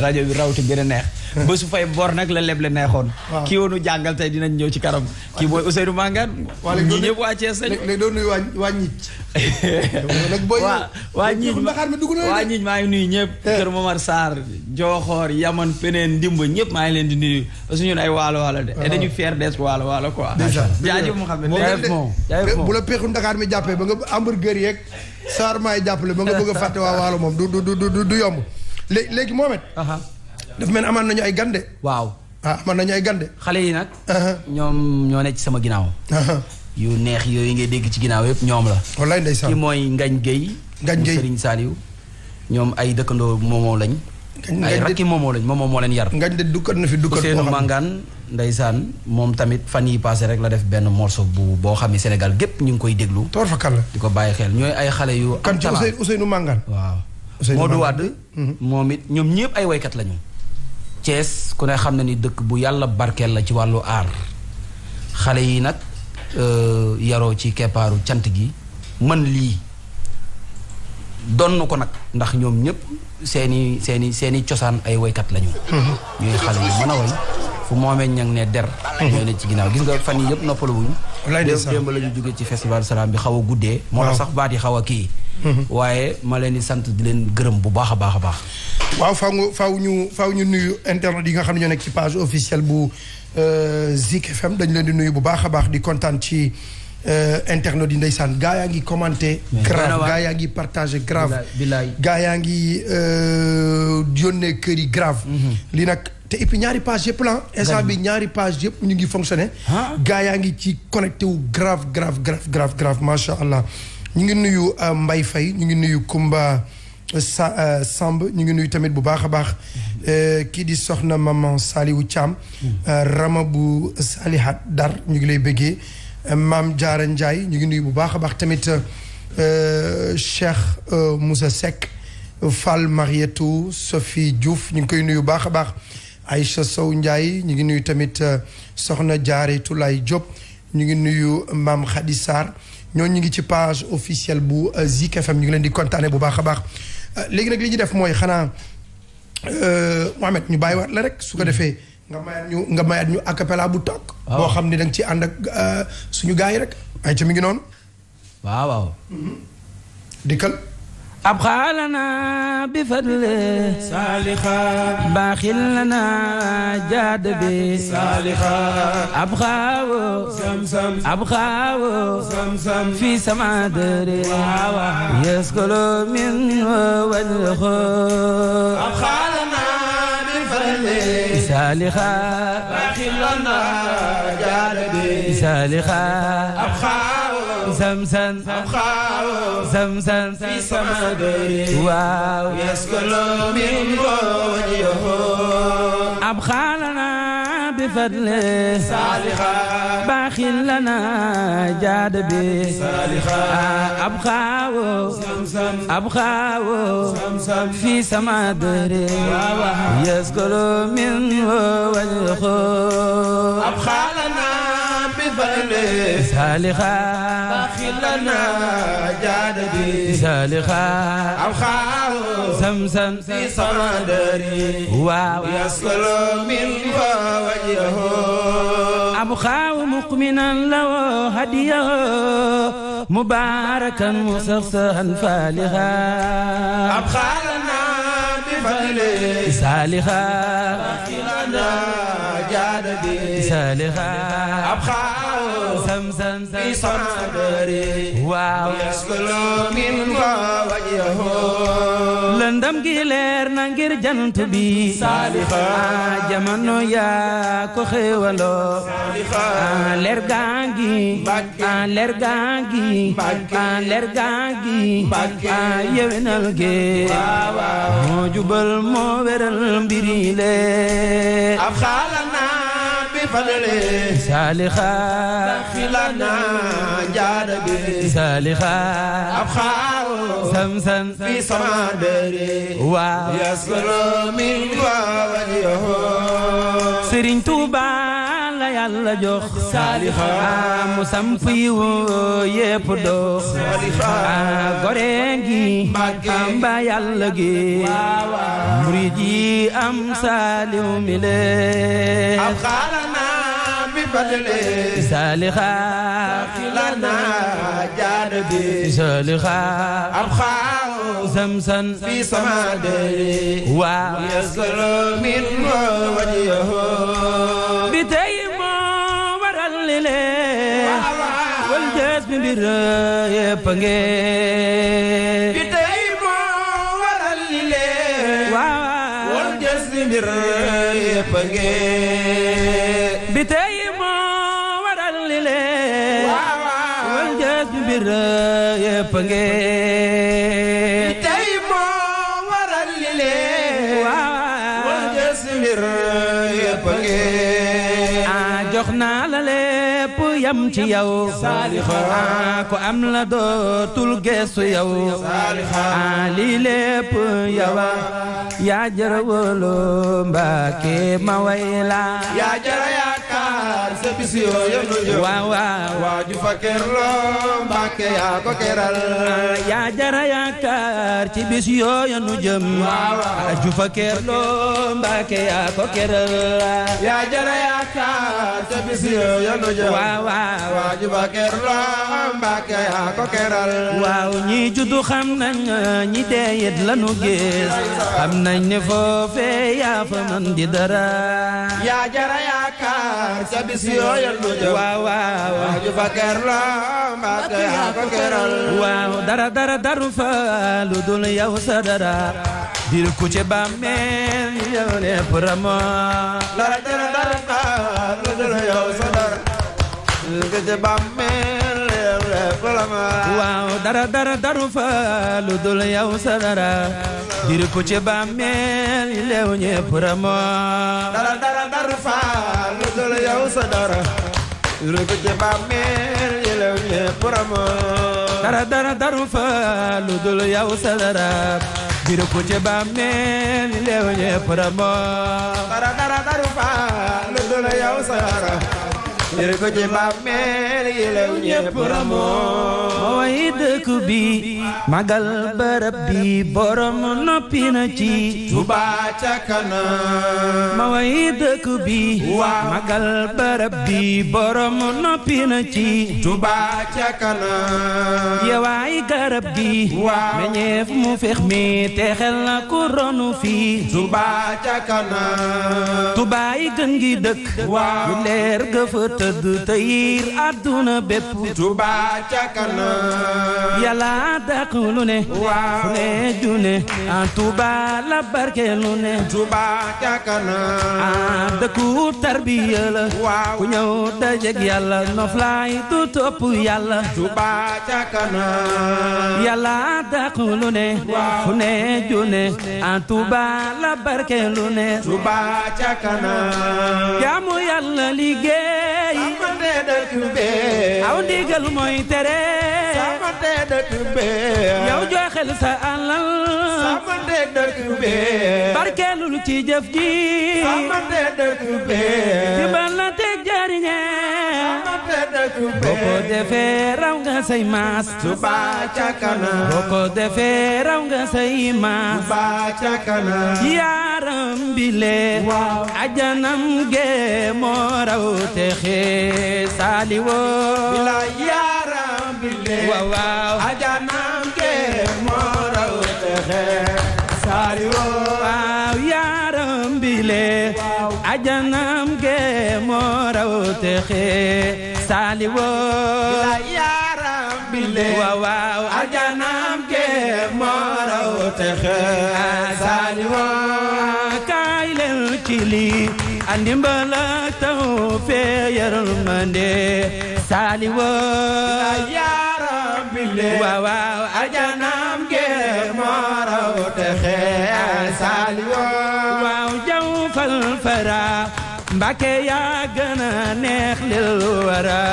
rajo bi ti gën a neex *laughs* ba su fay bor nag la leble neexoon. kii woonu jàngal tey dinañ ñëw ci kanam. kii mooy Ousseynou Mangane. waa léegi ñëpp waa Thiès lañu. léegi doon nuyu waa waa Ñic. *laughs* waa waa Ñic waa Ñic maa ngi nuyu ñëpp. Eh. Kër Momar Sarr Joxoor Yaman Peneen Ndimba ñëpp maa ngi leen di nuy parce que ñun ay waalo waalo de. et dañu fier des waalo waalo quoi. déjà jaajëf Mouhamed jaajëf moom jaajëf moom bu la peexu Dakar mi jàppee ba nga hamburger yeeg sarmaay jàppale ba nga bëgg fàtte waa waalo moom du du du yomb léegi Mohamed dafa mel amana ñu ay gande waaw ah man nañu ay gande xalé yi nak ñom ñoo ne ci sama ginaaw yu neex yoy nga dégg ci ginaaw yépp ñom la wallahi ndaysan ki moy ngañ geey ngañ geey serigne saliw ñom ay dekkando momo lañ ay rakki momo lañ momo mo leen yar ngañ de dukkat na fi dukkat seenu mangan ndaysan mom tamit fan yi passé rek la def ben morceau bu bo xamni ne Sénégal gépp ñu ngi koy deglu toor fa kàll kan di ko xel ñoy ay xalé yu kan ci Ousseynou mangan waaw Modou wad mhm. momit ñom ñepp ñëpp ay waykat lañu Thiès ku ne xam na ni dëkk bu yàlla barkeel la ci wàllu aar xale yi nag euh, yaroo ci keppaaru cant gi man lii donn ko nag ndax ñoom ñëpp seeni seeni seeni cosaan ay woykat lañu mm-hmm. ñuy xale yi mën a woy fu moomee ñang ne der mm-hmm. ñoo ne ci ginnaaw gis nga fan yi yëpp noppalu wuñu dem la ñu jóge ci festival salaam bi xaw a guddee moo tax sax baat yi xaw a kii Mm-hmm. waaye ma leen di sant di leen gërëm bu baax a baax waaw faw nga ñu Les ñu nuyu internet yi nga xam ne officielle bu euh, Zik FM dañ leen di nuyu bu di ci. Euh, grave gaa grave yaa euh, grave mm-hmm. li te et puis ñaari page yëpp la instant bi ñaari page yëpp ñu ngi fonctionné ah. grave grave grave grave grave ñu ngi nuyu euh, Mbaye fay ñu ngi nuyu Kumba euh, sa euh, Samb ñu ngi nuyu tamit bu baax a baax kii di soxna maman Saliou Thiam Rama bu Salihat Dar ñu ngi lay bëggee maam Diarra Ndiaye ñu ngi nuyu bu baax a baax tamit Cheikh Moussa Seck Fall Marietou Sophie Diouf ñu ngi koy nuyu bu baax a baax Aïcha Sow Ndiaye ñu ngi nuyu tamit soxna Diarra Toulaye Diop ñu ngi nuyu maam Khady Sarr ñoo ñu ngi ci page officielle bu euh, Zik FM ñu ngi leen di kontaane bu baax a baax euh, léegi nag li ñu def mooy xanaa euh, Mohamed ñu bàyyiwaat la rek su ko hmm. defee nga mayaat ñu nga mayaat ñu acapella bu toog boo xam ni da nga ci ànd ak suñu gars yi rek ay ca mi ngi noonu waaw waaw mhm. dikkal أبقى لنا بفضله صالحا باخل لنا جاد بي صالحا أبقى سمسم أبقى سمسم في سما دري يسكن من وجهه أبقى لنا بفضله صالحا باخل لنا جاد بي صالحا أبقى زمزم زمزم في صمدري واو يسكن من وجهه أبخالنا بفضله صالحا باخ لنا جاد به صالحا أبخاو أبخاو في سما دري يسكن من وجهه أبخال سالخا خلنا جادبي سالخا أبخاه سمسم في صدري واو يصل من وجهه أبخاه مؤمنا لو هديه مباركا مسرسها فالغا أبخالنا بفضله سالخا خلنا جادبي سالخا أبخاه زمزم في gi leer na ngir jant bi salixa ah, jamono yaa ko xéewaloo ah, leer gaa ngi ah, leer gaa ngi leer gaa jubal moo weral mbiri leer ab xaalana فضله سالخا خلنا جاربي سالخا أبخاو سمسم في سمادري ويسر من وجهه سرين توبان la yàlla jox saalixa mu samp yiwu dox saalixa gore gi am ba yàlla gi murid am saaliw mi فضله سالخا لنا جانبي سالخا أرخا زمزم في سمادي ويصدر من وجهه بتيم ورا الليل والجسم براي بنجي بتيم ورا الليل والجسم براي بنجي بتيم àddina yëpp a ngeen. tey moo waral li leen. waaw wax des mbir yëpp a ngeen. ah jox naa la lépp yam ci yow. saalixa ah ku am la dootul geesu yow. saalixa ah lii lépp yow a. yaa jara wóolu Mbàkke ma way la. yaa jara te bis yooyu nu jëm waaw yaa ko keral yaa jara yaakaar ci bis yooyu nu jëm waaw waaju nu jëm xam nañ ñi deeyit yaa fa man di dara sa bis yooyal lu jëm waaw waaw wax ju dara dara dara dir ku ci bàmmeel yow ku ci bàmmeel yow lépp rama waaw dara dara daru lew sa dara lu ko ci lew ñepp ramoon dara dara daru lu dul yow sa dara biru ko ci bàmmeel yi lew ñepp ramoon dara dara lu dul yow sa dara jër ko ci bàmmeel yi lew ñépp ramoo moo way dëkk bi magal bërëb bi borom noppi na ci Tuuba ca kanam moo way dëkk bi magal bërëb bi borom noppi na ci Tuuba ca kanam yewaay garab gi meññeef mu fex mi te xel na ku ronu fi Tuuba ca kanam Tuuba yi gën gi dëkk lu leer ga fëtë tëdd te yiir àdduna bépp Touba ca kanam yàlla dàq lu ne waaw ne ju ne en Touba la barke lu ne Touba ca kanam ah dëkku tarbiya yàlla noflaay du lu ne waaw ne ju ne en Touba la barke lu ne Touba ca kanam jaamu yàlla liggéey sàmmante dëkk bee aw say maas. Touba ca kanam. boo ko gee moo raw te xee. saliwoo bilaay yaaram bile waaw waaw ajanam ke moo raw texe saliwoo waaw yaaram bile ajanam ke moo raw texe saliwoo bilaay yaaram bile waaw waaw ajanam ke moo raw texe saliwoo kaay leen ci lii andi mbalak taw fee yarul mande saali woo yaa rabbi le waaw waaw ajanam ge moo raw texe saali woo waaw jaw fal fara mbake yaa gën a neex lil wara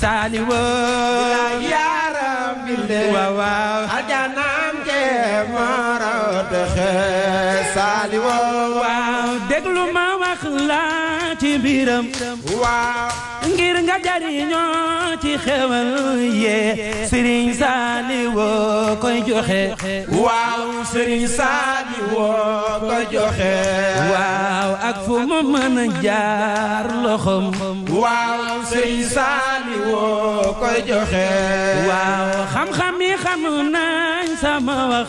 saali woo yaa rabbi le waaw waaw ajanam ge moo raw texe saali woo waaw déglu ma ci mbiram waaw ngir nga jariñoo ci xewal yee sëriñ saali woo koy joxe waaw sëriñ saali woo koy joxe waaw ak fu mu mën a jaar loxom waaw sëriñ saali woo koy joxe waaw xam-xam yi xam nañ sama wax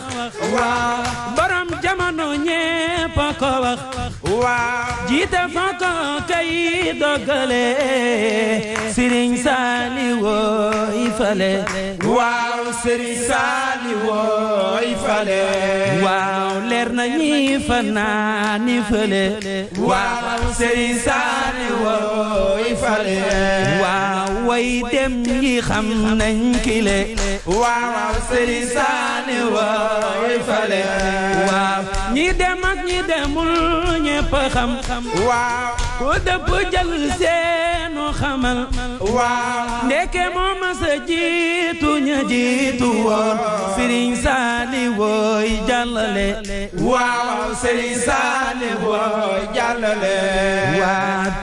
waaw borom jamono ñépp a wax waaw jiite fa ko kay dogale sëriñ saali wooy fale waaw sëriñ saali wooy fale waaw leer na ñi fa waaw sëriñ saali wooy fale waaw way dem yi xam nañ waaw sëriñ saali wooy fale ñi dem ak ñi demul ñépp xam waaw ku dëpp waaw ndeke moo mas a jiitu ña jiitu waaw sëriñ saali wooy jàllale waaw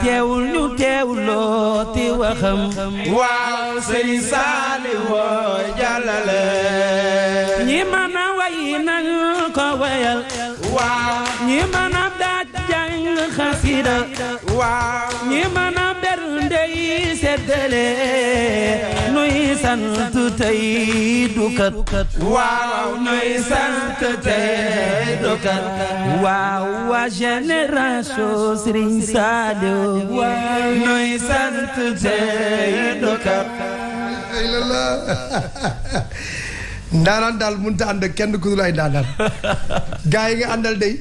teewul ñu teewuloo saali wooy jàllale ñi mën a way nañ ko waaw ñi mën a daaj jàng xasida waaw ñi mën dukat waaw nuy sant tey dukat waaw waa génération Serigne Saliou waaw nuy sant tey dukat *laughs* ndaanaan daal mënut a ànd ak kenn ku dul ay ndaanaan *laughs* gaa yi nga àndal day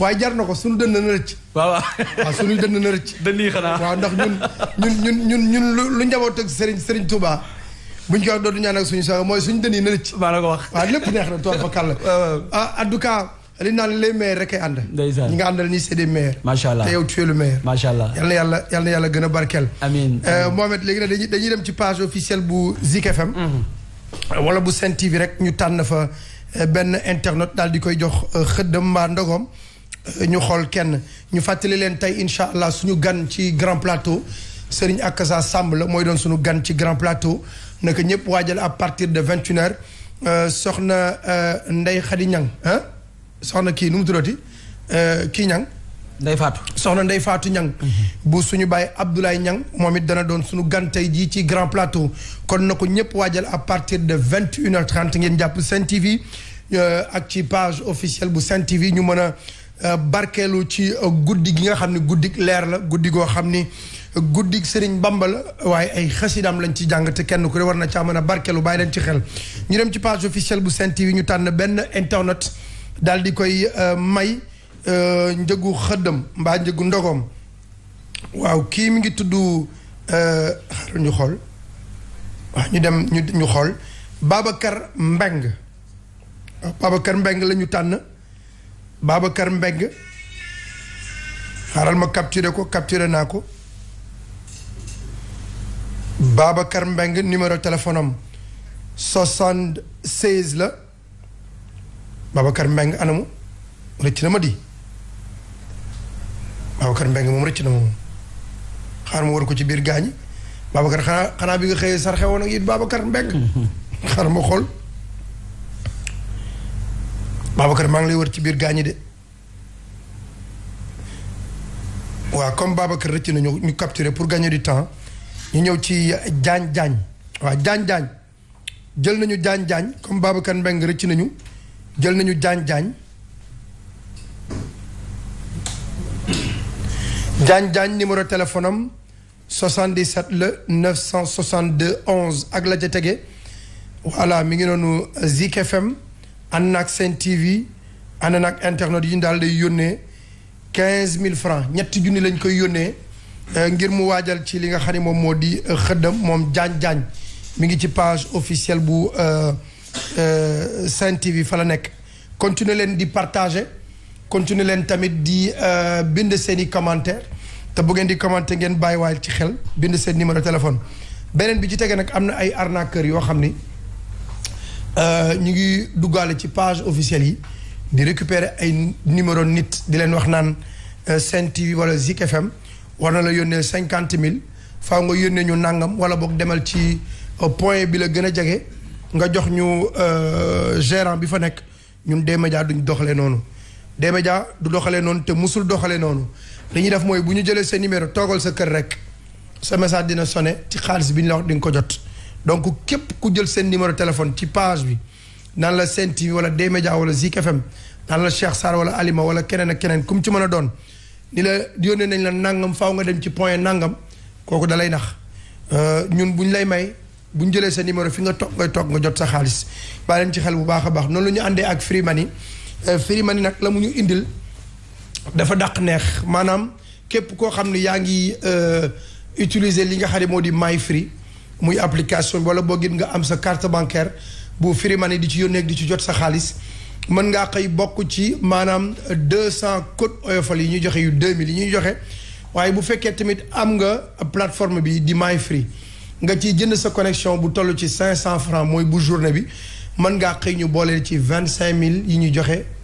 waaye jar na ko suñu dënn na rëcc. waaw waaw suñu dënn na rëcc. dënn yi xanaa waaw ndax ñun ñun ñun ñun ñun lu njaboot ak Serigne Serigne Touba buñ ko wax dootu ñaan ak suñu soxla mooy suñu dënn yi na rëcc. maa la neex na tool fa kàll. *laughs* ah naan les meilleurs rek ay ànd. ñi nga àndal ñi c'est des macha allah te yow tu es le macha allah yàlla yal yàlla gën a barkeel. amiin euh, Mohamed léegi nag dañuy dañuy dem ci page officielle bu Zik FM. Mm-hmm. wala bu Sen TV rek ñu tànn fa eh, benn internet daal di koy jox eh, xëddam mbaa ndogom eh, ñu xool kenn ñu fàttali leen tey incha allah suñu gan ci grand plateau Serigne Akassa Samb la mooy doon suñu gan ci grand plateau naka ñëpp waajal à partir de vingt une heures soxna Ndeye Khady Niang soxna kii nu mu tuddati kii Niang Ndey Fatou soxna Ndey Fatou ñang mhm. bu suñu baye Abdoulaye ñang momit dana doon suñu gantay ji ci Grand Plateau. kon na ko ñëpp waajal à partir de 21h30 trente ngeen jàpp Sen TV euh, ak ci page officielle bu Sen TV ñu mëna a euh, ci euh, goudi gi nga xamni goudi guddik leer la goudi go xamni goudi Serigne Bamba la waaye ay khassidam lañ ci jang te kenn ku re warna na caa barkelu baye len ci xel. ñu dem ci page officielle bu Sen TV ñu tan benn internet dal di koy may. Euh, njëgu xëddam mbaa njëgu ndogom waaw kii mi ngi tudd xaru euh, ñu xool waaw ñu dem ñu ñu xool Babacar Mbeng waaw Babacar Mbeng la tànn Babacar Mbeng xaral ma capturé ko capturé naa ko Babacar Mbeng numéro téléphone am 76 la Babacar Mbeng anamu wala ci la ma di Babacar Mbengue moom rëcc na moom xaar ma war ko ci biir gaañ Babacar xanaa xanaa bi nga xëyee sarxe woon ak it Babacar Mbengue *laughs* xaar ma xool Babacar maa ngi lay war ci biir gaañi de waaw comme Babacar rëcc na ñu ñu capturé pour gagner du temps ñu ñëw ci jaañ jaañ waaw jaañ jaañ jël nañu jaañ jaañ comme Babacar Mbengue rëcc nañu jël nañu jaañ jaañ Diagne Diagne numéro téléphone 77 le 962 11 ak la ca voilà mi ngi noonu Zik FM ànd TV ànd na ak internet yi ñu daal di 15000 francs ñetti junni lañ koy yónnee euh, ngir mu waajal ci li nga xam mom modi moo di euh, xëddam moom mi ngi ci page officielle bu euh, Sen TV fa la nek continuer len di partager continuer len tamit di bind seni commentaires te bu ngeen di commenté ngeen bàyyiwaay ci xel bind seen numéro téléphone beneen bi ci tege nag am na ay arnaqueur yoo xam ni euh, ñu ngi duggaale ci page officielle yi di récupérer ay numéro nit di leen wax naan euh, Sen TV wala Zik FM war na la yónnee cinquante mille faaw nga yónnee ñu nangam wala boog demal ci euh, point bi la gën a jege nga jox ñu gérant bi fa nekk ñun D-Media duñ doxalee noonu D-Media du doxalee noonu te mosul doxalee noonu li ñuy def mooy bu ñu jëlee sa numéro toogal sa kër rek sa message dina sonné ci xaalis bi ñu la wax di nga ko jot donc képp ku jël seen numéro téléphone ci page bi naan la Sen TV wala D-Media wala Zik FM naan la Cheikh Sarr wala Alima wala keneen ak keneen ku mu ci mën a doon ni la yónnee nañ la nangam faaw nga dem ci point nangam kooku dalay nax euh, ñun bu ñu lay may bu ñu jëlee sa numéro fi nga toog ngay toog nga jot sa xaalis baa leen ci xel bu baax a baax noonu la ñu àndee ak Free Money euh, Free Money nag la mu ñu indil. dafa dàq neex manam kep ko xamni yaangi euh utiliser li nga Free application wala nga am carte bancaire bu firi Money di ci vous di ci jot sa xaliss man nga xey bokku ci manam 200 code oyofal yi joxe yi am plateforme bi di Free nga connexion bu tollu ci francs moy bu journée bi man ñu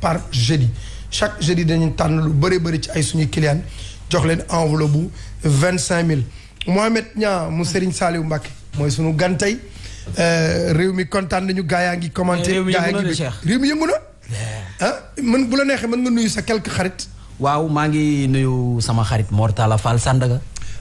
par jeudi chaque jeudi dañu tànn lu bëri bëri ci ay suñu clients jox leen enveloppe bu vingt cinq mille Mohamed Niang mu Serigne Saliou Mbacké mooy suñu gan tey euh, réew mi kontaan nañu gaa yaa ngi commenté eh, gaa yaa ngi réew mi yëngu na ah man bu la neexee mën nga nuyu sa quelque xarit waaw maa ngi nuyu sama xarit Mortala Fall Sandaga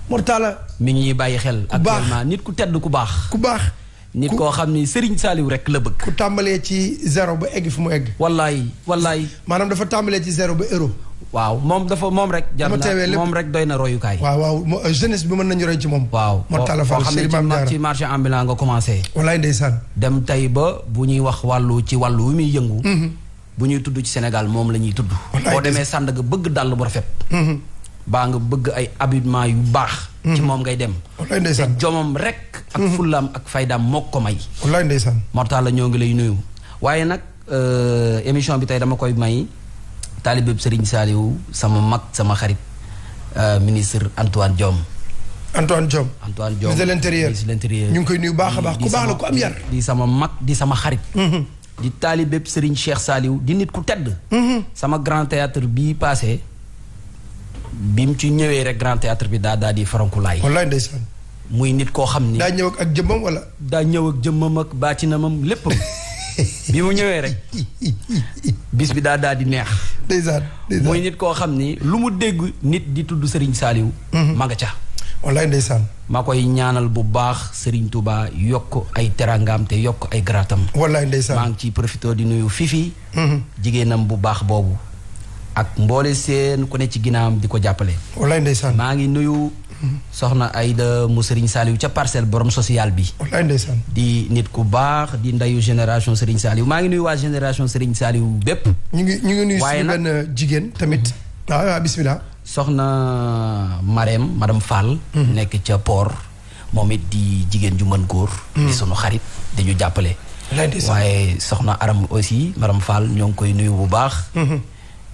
Mortala mi ngi bàyyi xel actuellement nit ku tedd ku baax ku baax nit koo xam ni Serigne Saliou rek la bëgg. ku tàmbalee ci zéro ba egg fu mu egg. wallaay wallaay. maanaam dafa tàmbalee ci zéro ba euro. waaw moom dafa moom rek. jar na moom rek doy na royukaay. waaw waaw euh, jeunesse bi mën nañu roy ci moom. waaw moo tax la faa xam ne ci marché ambulant nga commencé. wallaay ndeysaan. dem tey ba bu ñuy wax wàllu ci wàllu wi muy yëngu. Mm-hmm. bu ñuy tudd ci Sénégal moom la ñuy tudd. boo demee Sandaga bëgg dàll bu rafet. Mm-hmm. ba nga bëgg ay habitement yu baax mhm. ci moom ngay dem jomam rek ak mhm. fulam ak faydaam moo ko may wallahi ndeysaan morta la ñoo ngi lay nuyu waaye nag euh, émission bi tey dama koy may taalibeb Serigne saliw sama mag sama xarit euh, ministre Antoine diom Antoine diom Antoine diom ministre de l'intérieur ministre de l'intérieur ñu ngi koy nuyu baax baax ku baax la ku am yar di sama mag di sama xarit mhm. di taalibeb Serigne Cheikh saliw di nit ku tedd sama grand théâtre bi passé bi mu ci ñëwee rek grand théâtre bi daa daa di farankulaay wallaay ndeysaan muy nit koo xam ni daa ñëw ak jëmmam wala daa ñëw ak jëmmam ak baatinamam léppam bi mu ñëwee rek bis bi daa daa di neex ndeysaan muy nit koo xam ni lu mu dégg nit di tudd Serigne Saliou mhm. ma ca wallaay ndeysaan koy ñaanal bu baax Serigne Touba yokk ay teraangaam te yokk ay garatam wallaay ndeysaan maa ngi ciy profité di nuyu Fifi mhm. jigéenam bu baax boobu ak mboole seen ku nekk ci ginnaawam di ko jàppale. wallaay ndeysaan maa ngi nuyu. soxna Aida mu Serigne Saliou ca parcelle borom social bi. di nit ku baax di ndeyu génération Serigne Saliou maa ngi nuyu waa génération Serigne Saliou bépp. ñu ngi ñu ngi nuyu suñu benn jigéen tamit. waaw mhm. ah, waaw bismillah. soxna Marème madame Fall. Mhm. nekk ca port moom it di jigéen ju mën góor. Mhm. di sunu xarit dañu jàppale. waaye soxna Aram aussi madame Fall ñoo ngi koy nuyu bu baax.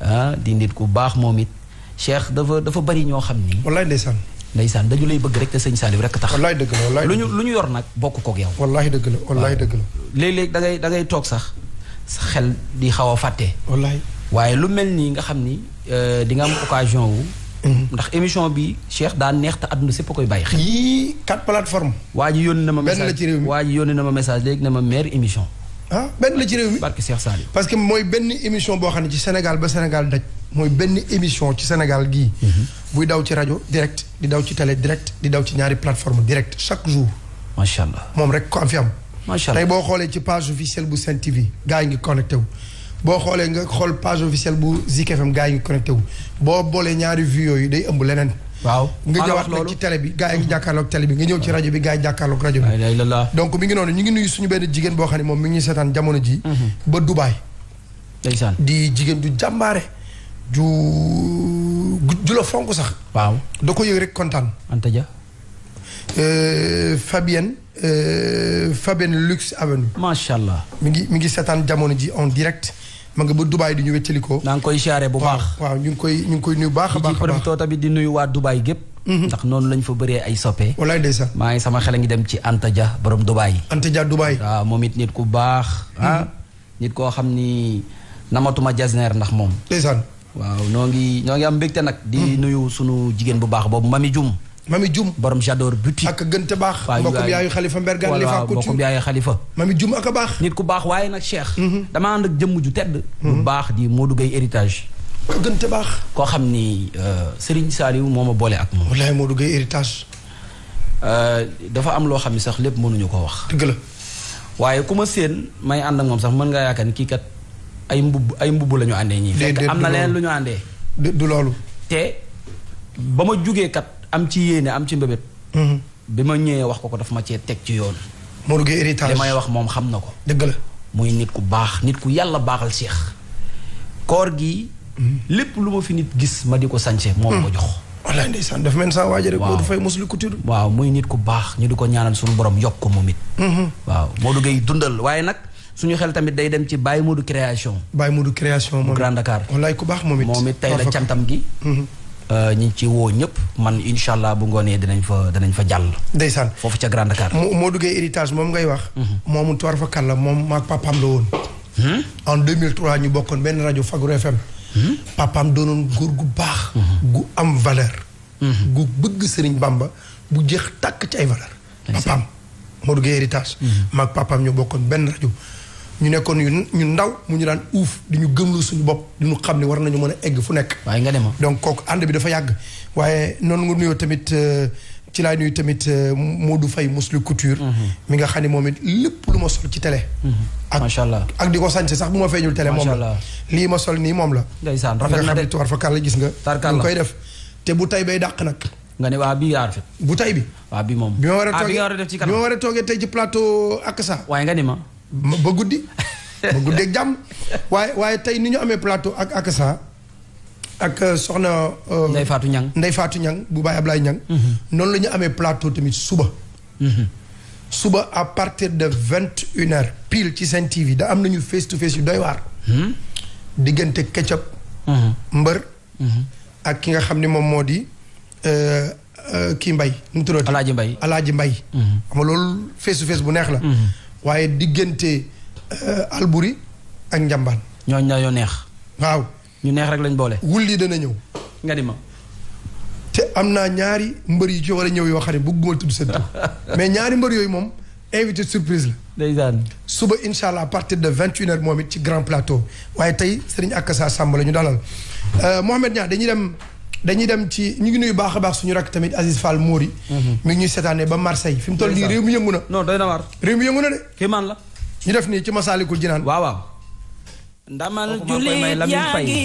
ah di nit ku baax moom it Cheikh dafa dafa bari ñoo xam ni. wallaay ndeysaan. ndeysaan dañu lay bëgg rek te sëñ Saliou rek tax. wallaay dëgg la lu ñu lu ñu yor nag bokk kook yow. wallaay dëgg la wallaay dëgg la. léeg-léeg da ngay toog sax sa xel di xaw a fàtte. wallaay waaye lu mel nii nga xam ni euh, di nga am occasion wu. Mhm. ndax émission bi Cheikh daan neex te àdduna sépp koy bàyyi xel. yii quatre plateformes. waa ji yónni na ma message benn waa ji yónni na ma message léegi na ma mère émission. ah la ci parce que émission bo ci Sénégal ba Sénégal daj moy ben émission ci Sénégal gi mhm. buy daw ci radio direct di daw ci télé direct di daw ci plateforme direct chaque jour. Je allah rek ko page officielle bu Sen TV Je ngi connecté wu. bo xolé page officielle bu Zik FM ngi connecté wu bo ñaari waaw nga ñëwaat nag ci tele bi gaa yi ngi jàkkaarloog télé bi nga ñëw ci rajo bi gaa yi jàkkaarloog rajo bi donc mi ngi noonu ñu ngi nuyu suñu benn jigéen boo xam ne moom mi mhm. ba Dubaay ndeysaan di jigéen du jàmbaare ju ju fonk sax waaw da ko yëg rek kontaan Anta Dia euh, Fabienne euh, Fabienne Lux Avenue macha allah mi ngi mi ngi seetaan jamono ji en direct ma nga ba Dubaay di ñu weccali ko. naa ngi koy siyaare bu baax waaw ñu ngi koy ñu ngi koy nuyu baax a baax. di ci tamit di nuyu waa Dubaay gépp mhm. ndax noonu lañ fa bëree ay soppe. walaay ndeysaan maa ngi sama xel ngi dem ci Anta Dia borom Dubaay. Anta Dia Dubaay. waaw moom it nit ku baax. ah mhm. nit koo xam ni namatuma jasneer ndax moom. ndeysaan. waaw noo ngi ñoo ngi am mbégte nag. di mhm. nuyu sunu jigéen bu baax boobu Mami Jum. mami Jum, borom Jador buti ak gën bax baax mbokkum yaayu xalifa mbergan li fa ku ci mbokkum yaayu mami Jum ak bax nit ku bax waye nak cheikh mhm. dama and ak jëm ju tedd bu mhm. bax di Modou gay héritage ak bax ko xamni euh, Serigne saliw moma bolé ak mom wallahi Modou gay héritage euh, dafa am lo xamni sax lepp mënuñu ko wax deug la waye kuma seen may and ak mom sax mën nga yakane ki kat ay mbub ay mbub lañu andé àndee amna leen luñu andé du loolu té bama juggé kat am ci yene am ci mbebet mhm. bi ma ñëwee wax ko ko daf ma ci tek ci yoon. Modou Gueye héritage dama bagal wax mom xam nako deug la muy nit ku bax nit ku yalla baxal cheikh koor gi. Mhm. lepp lu fi nit gis ma diko ko mom moom mhm. ko jox. wala ndeysaan daf men sa wajé rek. waaw Modou Faye mosul couture. waaw muy nit ku bax ñu diko ñaanal suñu borom yok ko momit waaw Modou Gueye dundal waye nak suñu xel tamit day dem ci Baye Modou création. Baye Modou création mom Grand Dakar. wallahi ku bax momit momit tay la ciantam gi. Euh, ñu ngi ci woo ñëpp man incha allah bu ngoonee dinañ fa dinañ fa jàll. ndeysaan foofu ca Grand Dakar. moo duggee héritage moom ngay wax. Mhm. moomu Touare fa kàlla moom maag papaam la woon. Hmm? en 2003 ñu bokkoon benn rajo Fagro FM. Hmm? papaam doonoon góor gu baax. Mhm. gu am valeur. Mhm. gu bëgg Serigne Bamba bu jeex tàkk ci ay valeur papaam moo duggee héritage. maag papaam ñu bokkoon benn rajo. ñu nekkoon ñu ndaw mu ñu daan uuf di ñu gëmlu suñu bopp di ñu xam ne war nañu mën a egg fu nekk. waaye nga dem donc kooku ànd bi dafa yàgg. waaye noonu nga nuyoo tamit euh, ci laay nuyu tamit euh, du fey Faye Mousli Couture. Mhm. mi nga xam ne moom it lépp lu ma sol ci télé. Mhm. macha allah ak di ko sañse sax bu ma feeñul télé. la lii ma sol nii moom la. ndeysaan rafet na de nga xam ne tuwaar fa kàlla gis nga. koy def te bu tay bay dàq nag. nga ne waa bii bu tay bi. waa bi moom. bi ma war a ah, toogee bi ma war a toogee tey ci plateau ak sax waaye nga ni ba guddi ba guddi ak jàmm waaye waaye tey ni ñu amee plateau ak ak sa ak soxna. Euh, Ndeye Fatou Niang Ndeye Fatou Niang bu Baye Ablaye Niang. Mhm. noonu la ñu amee plateau tamit suba. Mhm. suba à partir de vingt une heure pile ci seen TV da am nañu face to face yu doy waar. Mhm. diggante Ketchup. mbër. ak ki nga xam ne moom moo di euh, euh, kii Mbaye nu mu tuddati. Alaaji mbay Alaaji mbay xam nga loolu face to face bu neex la. waaye diggante euh, Albury ak Njambaan. ñooñu ñoo neex. waaw ñu neex rek lañ boole. wulli dana ñëw. nga di ma. te am naa ñaari mbër yu ci war a ñëw yoo xam ne bëgguma tudd seen *laughs* mais ñaari mbër yooyu moom invité surprise la. ndeysaan suba incha allah à partir de vingt une moom it ci grand plateau waaye tey Serigne Akassa Samb la ñu dalal euh, Mouhamed Niang dañuy dem. dañuy dem ci ñu ngi nuyu baax a baax suñu rakk tamit Aziz Fall Mori. Mhm. mi ngi ñuy seetaanee ba Marseille fi mu toll nii réew mi yëngu na. non doy na waar. réew mi yëngu na de. man la. ñu def nii ci Masaalikul Jinaan. waaw waaw. ndamal jullit yaa ngi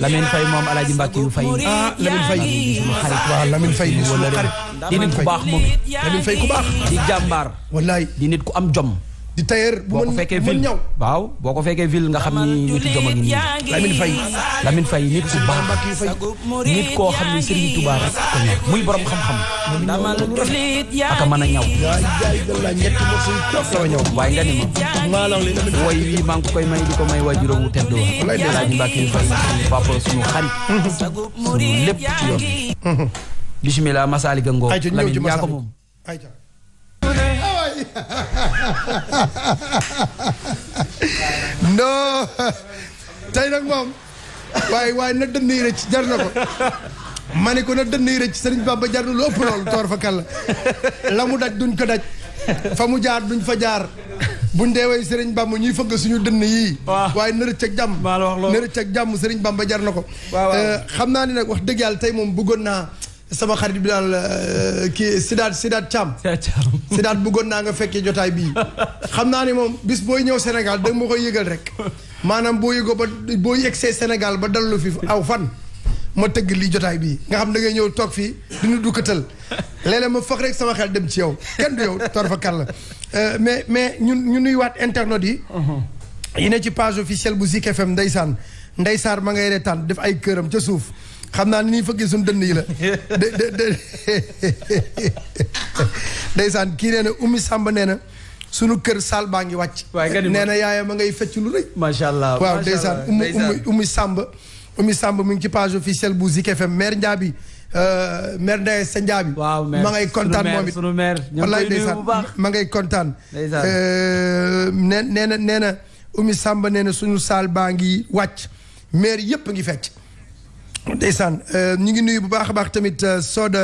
Lamine Faye Lamine Faye moom El Hadj Mbacke yu Faye. ah Lamine Faye. waaw fay Faye di suñu xarit di nit ku baax moom. Lamine Faye ku baax. di jàmbaar. wallaay di nit ku am jom. di tailleur bu mën ñaw waaw boo ko fekkee ville nga xam ni nit jom a ngi nii Lamine fay Lamine Faye nit ku baax nit koo xam ni Serigne Touba rek ko ñor muy borom xam-xam aka mën a ñaw waaye nga ni ma woy wi maa ngi ko koy may di ko may waajuram wu tedd Alaaji Mbàkke Faye suñu papa suñu xarit suñu lépp ci yoon *laughs* bismillah Massalika Ngom Lamine yaa ko moom *laughs* non tey nag moom waaye waaye na dënn yi rëcc jar na ko ma ne ko na dënn yi rëcc Sëriñ Bamba jar na lu ëpp toor fa kàll la mu daj duñ ko daj fa mu jaar duñ fa jaar buñ deewee Serigne Bamba ñuy fëgg suñu dënn yii. waaye na rëcc ak jàmm. na rëcc ak jàmm Serigne Bamba jar na ko. Eh, xam naa ne nag wax dëgg yàlla tey moom bëggoon naa. sama xarit bi daal euh, kii Sidaat Sidaat Thiam. Sidaat Thiam *laughs* bëggoon naa nga fekkee jotaay bii xam naa ni moom bis booy ñëw Sénégal da nga ma koy yëgal rek maanaam boo yëgoo ba boo see Sénégal ba dallu fi aw fan ma tëgg li jotaay bii nga xam da ngay ñëw toog fii duñu dukkatal léeg ma foog rek sama xel dem ci yow kenn du yow tor fa la euh, mais mais ñun ñu nuyuwaat internet yi. Uh-huh. yi ne ci page officielle bu si FM ndeysaan ndaysaar ma nga ngay retaan def ay këram ca suuf. xam naa ni ñuy fëggee suñu dënn yi la de de *laughs* kii nee na Oumy Samba nee na sunu kër saal baa ngi wàcc nee na yaaya ma ngay fecc lu rëy macha waaw ndeysaan umu umu Oumy Samba Oumy mu ngi ci page officielle bu Zik FM maire Ndiabi euh, maire Ndeye sa Ndiabi waaw ma ngay kontaan moom it sunu maire wallaay ndeysaan ma ngay kontaan euh, nee nee na nee na Oumy Samba nee na suñu saal baa ngi wàcc maire yëpp ngi fecc ndeysaan euh, ñu ngi nuyu bu baax a baax tamit euh, sod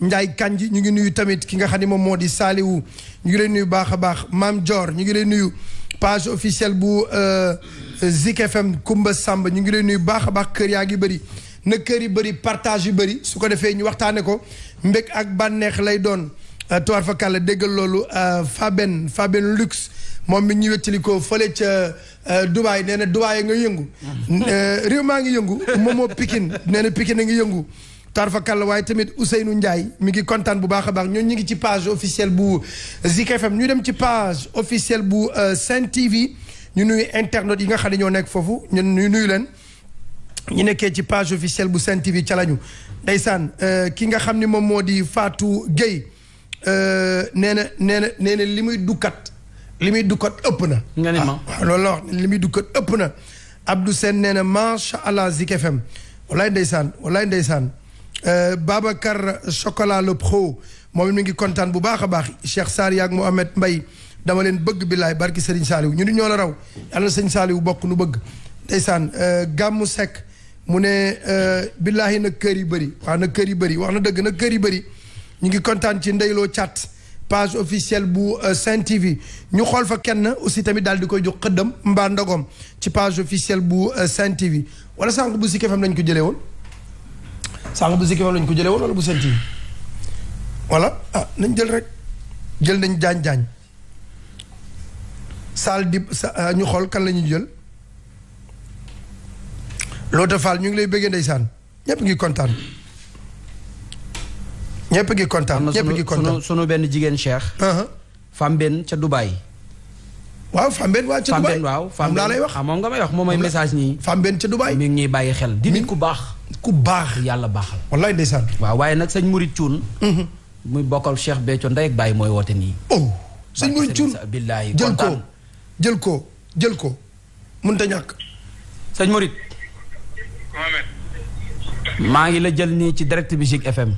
Ndiaye Kanji ñu ngi nuyu tamit ki nga xam ne moom moo di Saliwu ñu ngi leen nuyu bu baax a baax Maam joor ñu ngi leen nuyu page officielle bu euh, Zik FM Kumba Samba ñu ngi leen nuyu bu baax a baax kër yaa ngi bëri na kër yi bëri partage yu bëri su ko defee ñu waxtaane ko mbég ak bànneex lay doon tuwaar fa kàlla déggal loolu Faben Faben Luxe moom mi ñu wettali ko fële ca euh, Dubaay nee na a nga yëngu. *laughs* Euh, réew maa ngi yëngu moom moo Pikine nee na Pikine a ngi yëngu. Tarfa Kalla waaye tamit Ousseynou Ndiaye mi ngi kontaan bu baax a baax ñooñu ñu ngi ci page officielle bu euh, Zik FM dem ci page officielle bu Sen TV ñu nuy internautes yi nga xam ne ñoo nekk foofu ñu nuyu leen. ñu nekkee ci page officielle bu Sen TV ca lañu ndeysaan ki nga xam ne moom moo di faatu Gueye nee na nee na nee na li muy dukkat. li muy dukkat ëpp na. nga ne ma ah, waaw loolu la li muy dukkat ëpp na. Abdou Sène nee na macha allah Zik FM walaay ndeysaan walaay ndeysaan euh, Babacar Chocolat le pro moom mu ngi kontaan bu baax a baax Cheikh Sarr yaag mbay dama leen bëgg billaay barki Serigne Saliou ñu ni ñoo la raw yàlla na Serigne Saliou bokk nu bëgg ndeysaan euh, gàmmu sekk mu ne euh, billaahi na kër yi bëri waaw na kër yi bëri wax na dëgg na kër yi bëri ñu ngi kontaan ci ndeyloo cat page officielle bu euh, Sen TV ñu xool fa kenn aussi tamit daal di koy jox xëddam mbaa ndogom ci page officielle bu euh, Sen TV wala sànq bu Zik FM lañ ko jëlee woon sànq bu Zik FM lañ ko jëlee woon wala bu Sen TV voilà ah nañ jël rek jël nañ jaañ jaañ saal di euh, ñu xool kan la ñuy jël Loota Fall ñu ngi lay bëggee ndeysaan ñëpp ngi kontaan. ñëpp gi kontaan ñëpp gi kontaan sunu benn jigéen Cheikh. Uh-huh. benn ca Dubaay. waaw Fambène waa ca Dubaay Fambène waaw. Fambène laa lay wax ah, moom nga may wax moom mooy message ñii. Fambène ca Dubaay mi ngi ñuy bàyyi xel di ku baax. ku baax yàlla baaxal. wallaay ndeysaan. waaw waaye nag sañ Mouride Thioune. Mm-hmm. mu bokkal Cheikh Béthio ndey ak baay mooy wote nii. oh sëñ Mouride Thioune billaay jël ko jël ko jël ko ñàkk. sëñ Mouride. maa ngi la jël nii ci direct bi FM.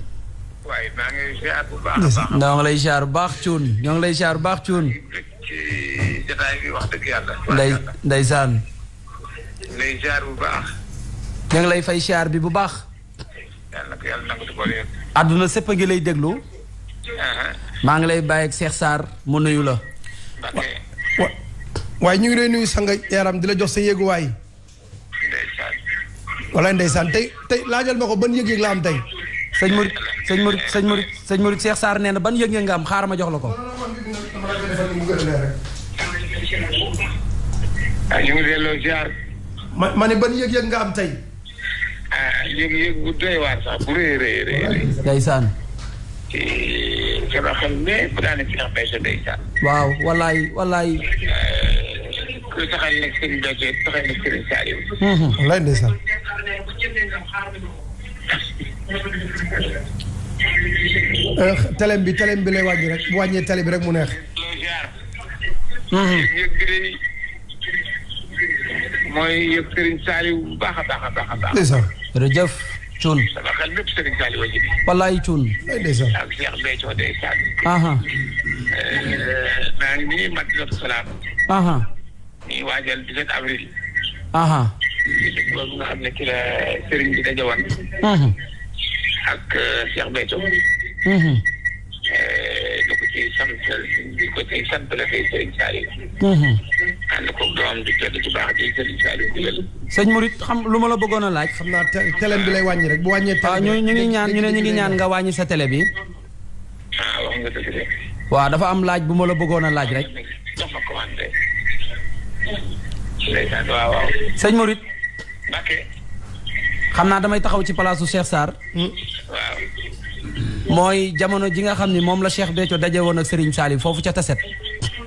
waay maa ngi lay ziar bu baax a baax. ñoo ngi ngi lay ziar baax cuun. wax dëgg yàlla. nday ndeysaan. lay bu baax. ñoo lay fay ziar bi bu baax. yàlla ko a ngi lay déglu. Uh-huh. maa ngi lay bàyyi ak Cheikh Sarr mu nuyu la. waaye ñu ngi lay nuyu sanga yaram di la jox sa yéeguwaay. ndeysaan. walaay ndeysaan tey tey laajal ma ko ban yëg-yëg la am tey. sëñ Mouride sëñ Modou sëñ Modou sëñ Modou Cheikh saar nee na ban yëg-yëg nga am xaaral ma jox la ko. ah ñu ngi delloo ziar. ma ma ne yëg-yëg nga am tey. ah yëg-yëg bu waaw wallaay wallaay. Ah, ku saxal *laughs* Euh, telem bi telem bi lay wàññi rek bu wàññee tele bi rek mu neex. yëg-yëg bi day mooy yëg Serigne Saliou bu baax a baax a baax a baax. ndeysaan jërëjëf Thioune. sama xel lépp Serigne Saliou waññi. wallaay Thioune. ndeysaan ak Cheikh Béthio ndeysaan. Euh, maa ngi nii Madinatu Salaam. ñuy waajal 17 avril. loolu nga xam ne ci la Serigne bi dajawoon. ak euh, Cheikh Béthio lu mm-hmm. mm-hmm. euh, ko ciy baax di Serigne Saliou mm-hmm. xam lu ma la bëggoon a laaj xam naa télé bi lay wàññi rek bu wàññee waaw ñu ñu ngi ñaan ñu ne ñu ngi ñaan nga wàññi sa télé bi ah waaw dafa am laaj bu ma la bëggoon a laaj rek sëñ Murit xam naa damay taxaw ci palaasu Cheikh Sarr. waaw. Hmm. mooy jamono ji nga xam ni moom la Cheikh Béthio daje woon ak Serigne Saliou foofu ca Taset.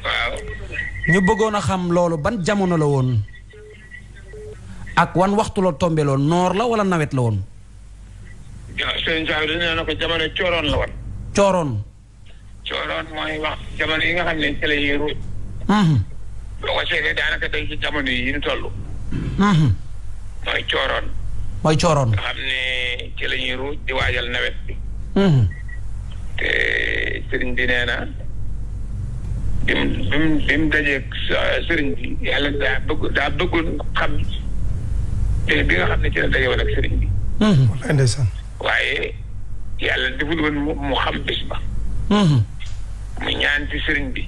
waaw. ñu bëggoon a xam loolu ban jamono la woon ak wan waxtu la tombé loon noor la wala nawet la woon. waaw Serigne Saliou dañu ne ko jamono cooroon la woon. cooroon. cooroon mooy wax jamono yi nga xam ne hmm. ci la ñuy daanaka day ci yi ñu toll. Hmm. mooy cooroon. mooy cooroon. nga xam ne ci la ñuy ruuj di waajal nawet bi. Hmm. te sëriñ bi nee na bi mu bi mu bi mu bi yàlla daa bëgg daa bëggoon xam te xam ne ci la daje woon sëriñ bi. Hmm. waaye yàlla deful woon mu xam bis ba. Hmm. mu ñaan ci sëriñ bi.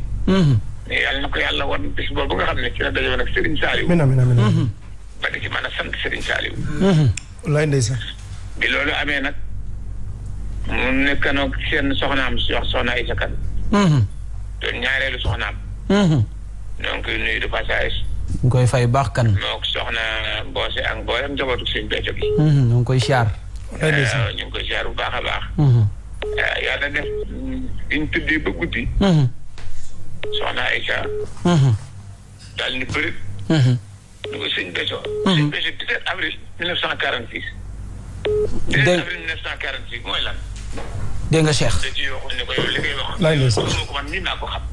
mais yàlla na ko yàlla wan bis boobu nga xam ne ci la daje woon ak sëriñ Saliou. mina mina mina. ba di ci mën a sant sëriñ Saliou. lay ndeysaan. bi loolu amee nag mu nekkanoog seen soxnaam si wax soxna Aïssa Kane. doon mhm. ñaareelu soxnaam. Mhm. donc nuyu de passage. ñu koy fay baax kan. moom soxna Mboose ak mboolem njabootu suñu béykat yi. koy siyaar. lay bu baax a baax. Mhm. Eh, yàlla def biñ tuddee ba guddi. soxna Aïssa. daal ni bëri. ñu koy sëñ Béthio. sëñ Béthio 17 avril 1946. 17 avril 1946 mooy lan. dégg nga Cheikh. da ciy waxoon ne ko yow li ngay wax. laay lay sax ko man nii naa ko xam.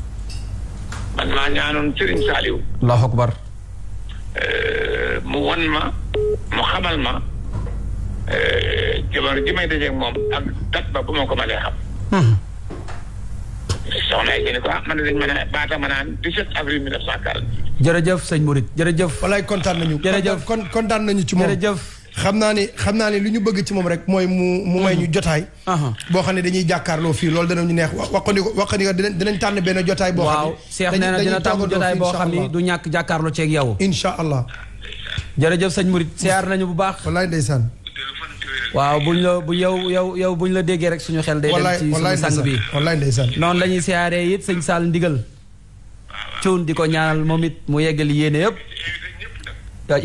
man maa ñaanoon Serigne Saliou. allahu akbar. mu won ma mu xamal ma jabar ji may dajeeg moom ak dat ba bu ma ko ma lay xam. soxna a baata ma naan jërëjëf sañ Mouride jërëjëf. walaay kontaan nañu. jërëjëf kon kontaan nañu ci moom jërëjëf. xam naa ni xam naa ni lu ñu bëgg ci moom rek mooy mu mu may ñu mm-hmm. jotaay uh-huh. boo xam ne dañuy jàkkaarloo fii loolu ñu neex waxandi ko waxandi ko dinañ tànn benn jotaay boo xam ne waaw Cheikh nee na dina tànn jotaay boo xam ni du ñàkk jàkkaarloo ceeg yow incha allah jërëjëf sañ Murit siyaar nañu bu baax wallaay ndeysaan waaw buñ la bu yow yow yow buñ la déggee rek suñu xel day dem ci suñu sang bi noonu la ñuy siyaaree it sëñ Saal ndigal cuun di ko ñaanal moom it mu yeggal yéene yëpp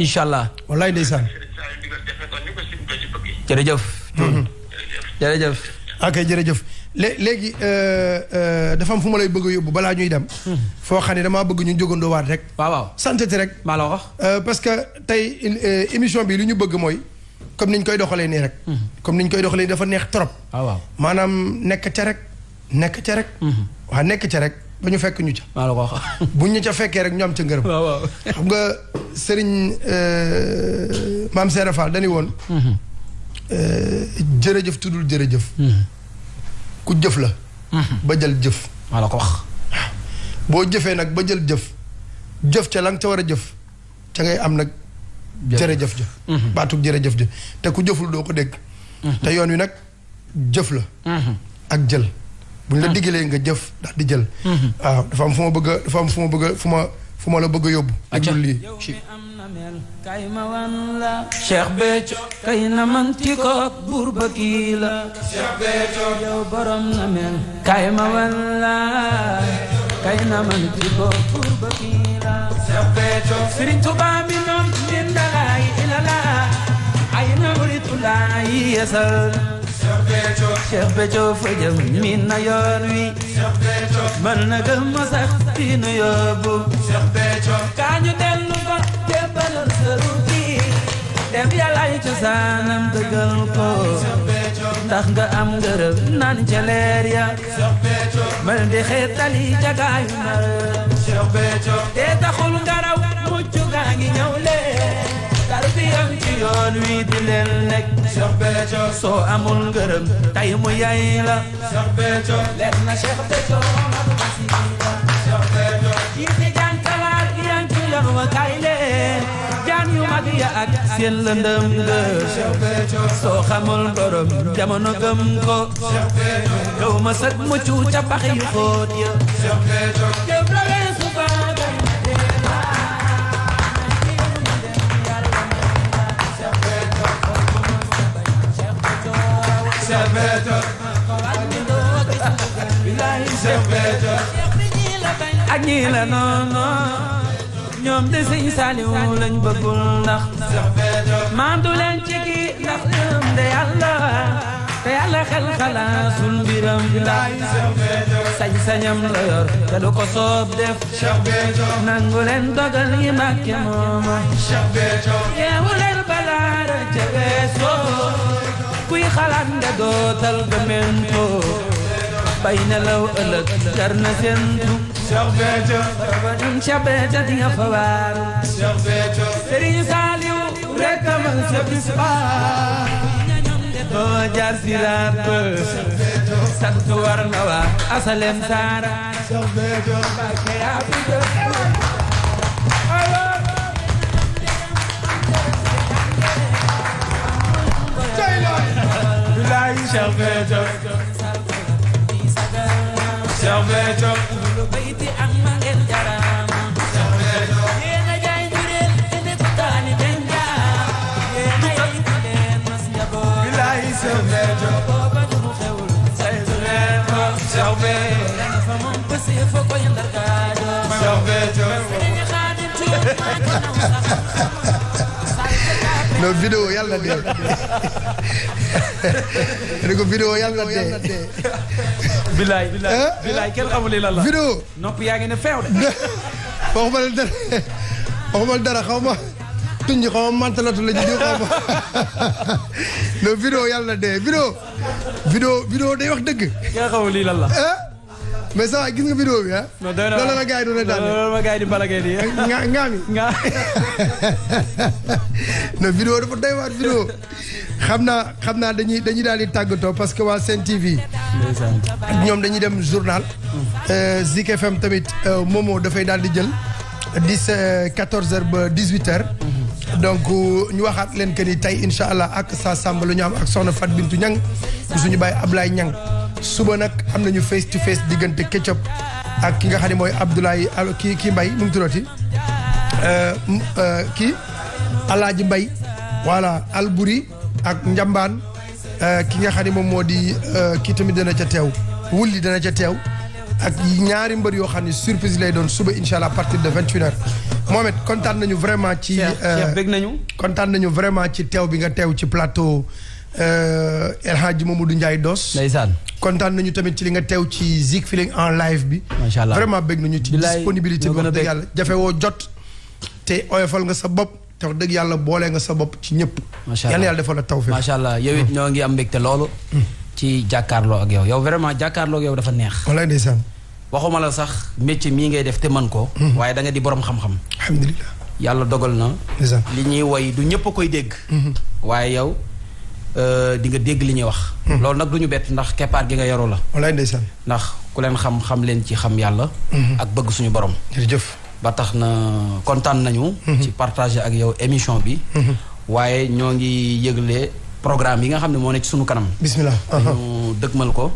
incha allah wallaay ndeysaan jërëjëf cuun mhm. jërëjëf ok jërëjëf léegi euh, euh, dafa am fu ma lay bëgg yóbbu balaa ñuy dem. Mhm. foo xam ne damaa bëgg ñu jógandoo waat rek. waaw waaw sant rek. maa la wax. Euh, parce que tey émission bi li ñu bëgg mooy. comme ni ñu koy doxalee nii rek. Mhm. comme ni ñu koy doxalee dafa neex trop. Ah, waaw maanaam nekk ca rek. nekk ca rek. Mhm. waa nekk ca rek ba ñu fekk ñu ca. maa la ko *laughs* ñu ca fekkee rek ñu am ca ngërëm. waaw xam nga Serigne euh, maam Serap Fall dañu woon. Mhm. Euh, jërëjëf tuddul jërëjëf. ku jëf la. ba jël jëf. maa la ko wax. boo jëfee nag ba jël jëf. jëf ca la nga ca war a jëf ca ngay am nag. jërëjëf jëf mhm. baatub jërëjëf jëf te ku jëful doo ko dégg mhm. te yoon wi nag jëf la mhm. ak jël bu ñu la ah. diggalee nga jëf daal di jël waaw dafa am fu ma bëgg fu ma fu ma la bëgg a yóbbu déglu lii kay ma wan la Cheikh Béthio kay na man tikook buur ba la Cheikh Béthio Serigne noon min dalay ilala ay nawritulaay yesal Cheikh Béthio fa jëm min na yoon wi mën na gëm ma sax fi nu yóbbu Cheikh Béthio kaa ñu dellu ba tax nga am ngërëm naan ca leer ya mel di xeetali jagaayu nar te taxul ngaraw mucc gaa ngi ñëw leen tarbiyam ci yoon wi di leen nekk soo amul ngërëm tay mu yay la leer na Cheikh Béthio Omar Bassirou jiite jànkalaat gi yan ci wa kay leen jaan yu mag ya ak seen lëndëm nga soo xamul borom jamono gëm ko daw ma sag mucc ca pax yu xóot ya Cheikh Béthio ak ñi la noonu ñoom de sëñ Saliou lañ bëggul ndax maandu leen ci ki ndax ñoom de yàlla te yàlla xel xalaasul mbiram ndax sañ-sañam la yor te du soob def nangu leen dogal yi màkke mooma yeewu leen balaara ca weesoo kuy xalaat nga dootal ba mentoo bay nelaw ëllëg jar na seen dugg Cheikh Béthio ba ñun Cheikh Béthio di nga fa waaru Cheikh Béthio Serigne Saliou rek amal sa bis ba doo jaar si raat ba sant war na waa asalem saara Cheikh Béthio barke yaa fi jëf Cheikh Béthio Cheikh Béthio Sawbe dana fa moom bés yi ko yëndal kaajo yàlla dee *laughs* ne ko la la vidéo nopp yaa ngi ne feew de *laughs* waxuma dara waxuma dara xaw ma tuñ ji xaw ma mantalatu la ñu di xaw ma *laughs* non vidéo yàlla dee vidéo vidéo vidéo day wax dëgg nga xaw lii lan la eh? mais ça gis nga vidéo bi ah loolu la gars yi doon daal loolu la yi di balagee di ah? nga nga mi nga *laughs* non vidéo xam naa xam naa dañuy dañuy daal di tàggatoo parce que waa Sen TV ñoom dañuy dem journal mm. euh, Zik FM tamit euh, Momo dafay daal di jël dix euh, quatorze heures ba dix donc ñu waxaat leen que ni tey incha allah ak sa sàmba lu ñu am ak soxna Fat Bintu Ñang suñu bàyyi ablaay Ñang suba nag am nañu face to face diggante Ketchup ak ki nga xam ne mooy Abdoulaye kii kii Mbaye nu mu tuddati euh, euh, kii Alaaji Mbaye voilà Albouri ak Njambaan euh, ki nga xam ne moom moo di kii tamit dana ca teew wulli dana ca teew ak ñaari mbër yoo xam ne surprise lay doon suba incha allah partir de 21 heures Mohamed kontaan nañu vraiment ci. Cheikh euh, bëgg nañu. kontaan nañu vraiment ci teew bi nga teew ci plateau euh, El Hadj Mamadou Ndiaye Doss. ndeysaan kontaan nañu tamit ci li nga teew ci Zik Feeling en live bi. macha allah vraiment bëgg nañu ci disponibilité bi wax dëgg yàlla jafe woo jot. te oyofal nga sa bopp. te wax dëgg yàlla boole nga sa bopp ci ñëpp. macha allah yal na yàlla defal la tawfeex. macha allah yow it ñoo ngi am mbégte loolu. Mm. ci jàkkaarloo ak yow yow vraiment jàkkaarloo ak yow dafa neex. walaay ndeysaan. waxuma la sax métier mii ngay def te mën ko mhm. waaye da di borom xam-xam yàlla dogal na li ñuy woy du ñëpp koy dégg mhm. waaye yow euh, di nga dégg li ñuy wax mhm. loolu nag du ñu bett ndax keppaar gi nga yaru la walaay ndeysaan ndax ku leen xam xam leen ci xam yàlla ak bëgg suñu borom jërëjëf ba tax na kontaan nañu ci partager ak yow émission bi waaye ñoo ngi yëgle programme yi nga xam ne moo ne ci suñu kanam bismillah ñu dëgmal ko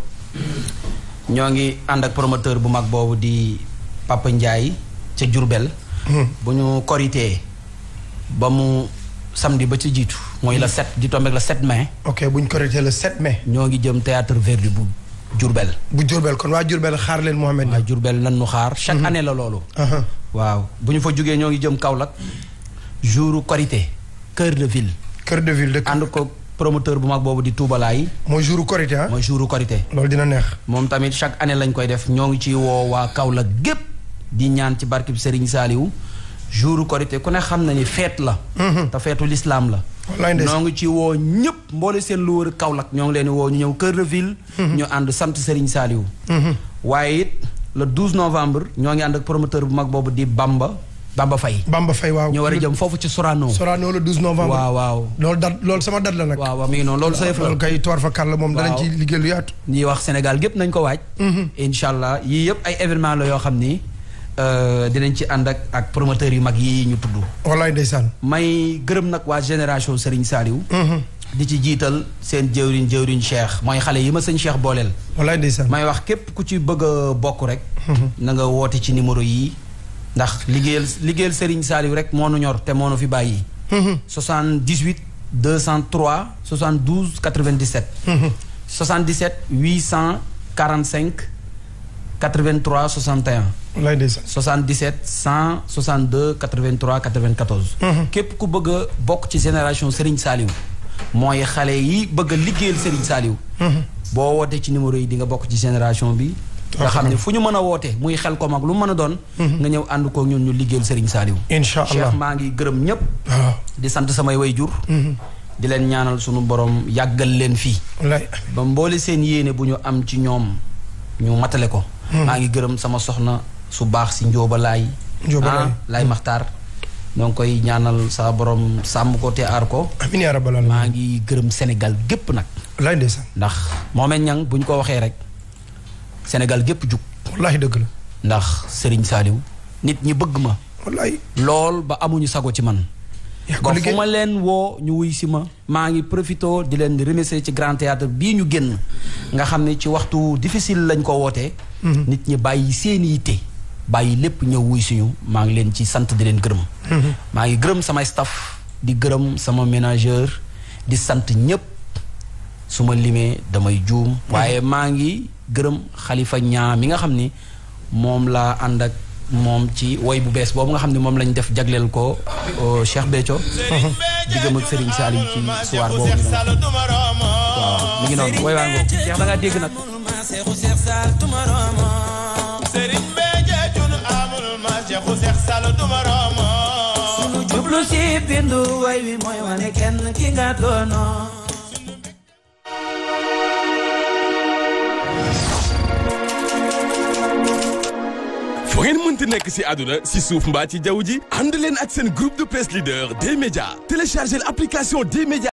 ñoo ngi ànd ak promoteur bu mag bobu di Papa ndjay ci jurbel hmm. bu ñu koritee ba mu samedi ba ci jitu moy la 7 di tombe ak la 7 mai ok bu ñu koritee le 7 mai ñoo ngi jëm théâtre vert du jurbel bu jurbel kon wa jurbel xaar leen mohammed wa jurbel lan nu xaar chaque mhm. année la lolu waaw bu ñu fa joggé ñoo ngi jëm Kaolack jouru korité cœur de ville cœur de ville ànd ko promoteur bu mag boobu di tuubalaay mooy jouru korité ah mooy jouru korité loolu dina neex moom tamit chaque année lañ koy def ñoo ngi ci woo waa Kaolack gépp di ñaan ci barkib Serigne Saliou jouru korité ku ne xam na ni feet la mhm. te feetu l'islam la ñoo ngi ci woo ñëpp mboole seen lu wër Kaolack ñoo ngi leen di woo ñu ñëw Cœur de Ville mhm. ñu ànd sant Serigne Saliou mhm. waaye it le 12 novembre ñoo ngi ànd ak promoteur bu mag boobu di Bamba Bamba Faye Bamba Faye waaw. ñu war a jëm foofu ci Sorano. Sorano le 12 novembre. waaw waaw loolu dat loolu sama dat la nag. waaw waaw mi ngi noonu loolu sa yëf la. loolu kay Touare Fakar la moom danañ ci liggéey lu yaatu. wax Sénégal gépp nañ ko waaj. Mhm. incha allah yii ay événement la yoo xam ni euh, dinañ ci ànd ak ak promoteurs yu mag yi ñu tudd. wallaay ndeysaan. may gërëm nag wa génération Serigne Saliou. Mhm. di ci jiital seen jëwriñ jëwriñ Cheikh mooy xale yi ma sëñ Cheikh booleel. wallaay ndeysaan may wax képp ku ci bëgg a rek. Mhm. na nga woote ci numéro yii. ndax liggéeyal liggéeyal Serigne Saliou rek moo nu ñor te moo nu fi bàyyi. 78 203 72 97. 77 845 83 61. lay des 77 162 83 94. képp ku bëgg bokk ci génération Serigne Saliou mooy xale yi bëgg a liggéeyal Serigne Saliou. Mhm. boo wootee ci numéro yi di nga bokk ci génération bi. nga xamni fuñu mëna woté muy xel ko mag lu mëna doon mhm. nga ñew and ko ñun ñu Serigne saliw inshallah allah Cheikh ma ngi gërëm ñëpp di sant samay wayjur mhm. di len ñaanal sunu borom yagal len fi ba mbolé seen yéene buñu am ci ñom ñu matalé ko mhm. ma ngi gërëm sama soxna su baax ci njoba lay njoba ah, lay maxtaar ñoo koy ñaanal sa borom sam ko té ar ko amiin yaa rabbal maa ngi gërëm Sénégal gépp nag ndax ñang buñ ko waxé rek Sénégal gépp jug. wallaahi dëgg ndax sëriñ Saliou. nit ñi bëgg ma. lool ba amuñu sago ci man. ba fu ma leen woo ñu wuy si ma. maa ngi profito di leen remercier ci grand théâtre bii ñu génn. nga xam ne ci waxtu diffisil lañ ko wootee. Mhm. nit ñi bàyyi seen yitte. bàyyi lépp ñëw wuy si ñu maa ngi leen ci sant di leen gërëm. Mhm. maa ngi gërëm samay staff. di gërëm sama ménageur. di sant ñëpp. su ma limee damay juum waaye maa ngi gërëm xalifa ñaa mi nga xam ni moom laa ànd ak moom ci woy bu bees boobu nga xam ne moom lañ def jagleel ko euh, Cheikh Béthio diggam ak Serigne Saliou ci soir boobu waaw mi jublu si bindu woy wi mooy wane kenn ki nga doono ngeen si si groupe de presse leader d téléchargez l'application des médias.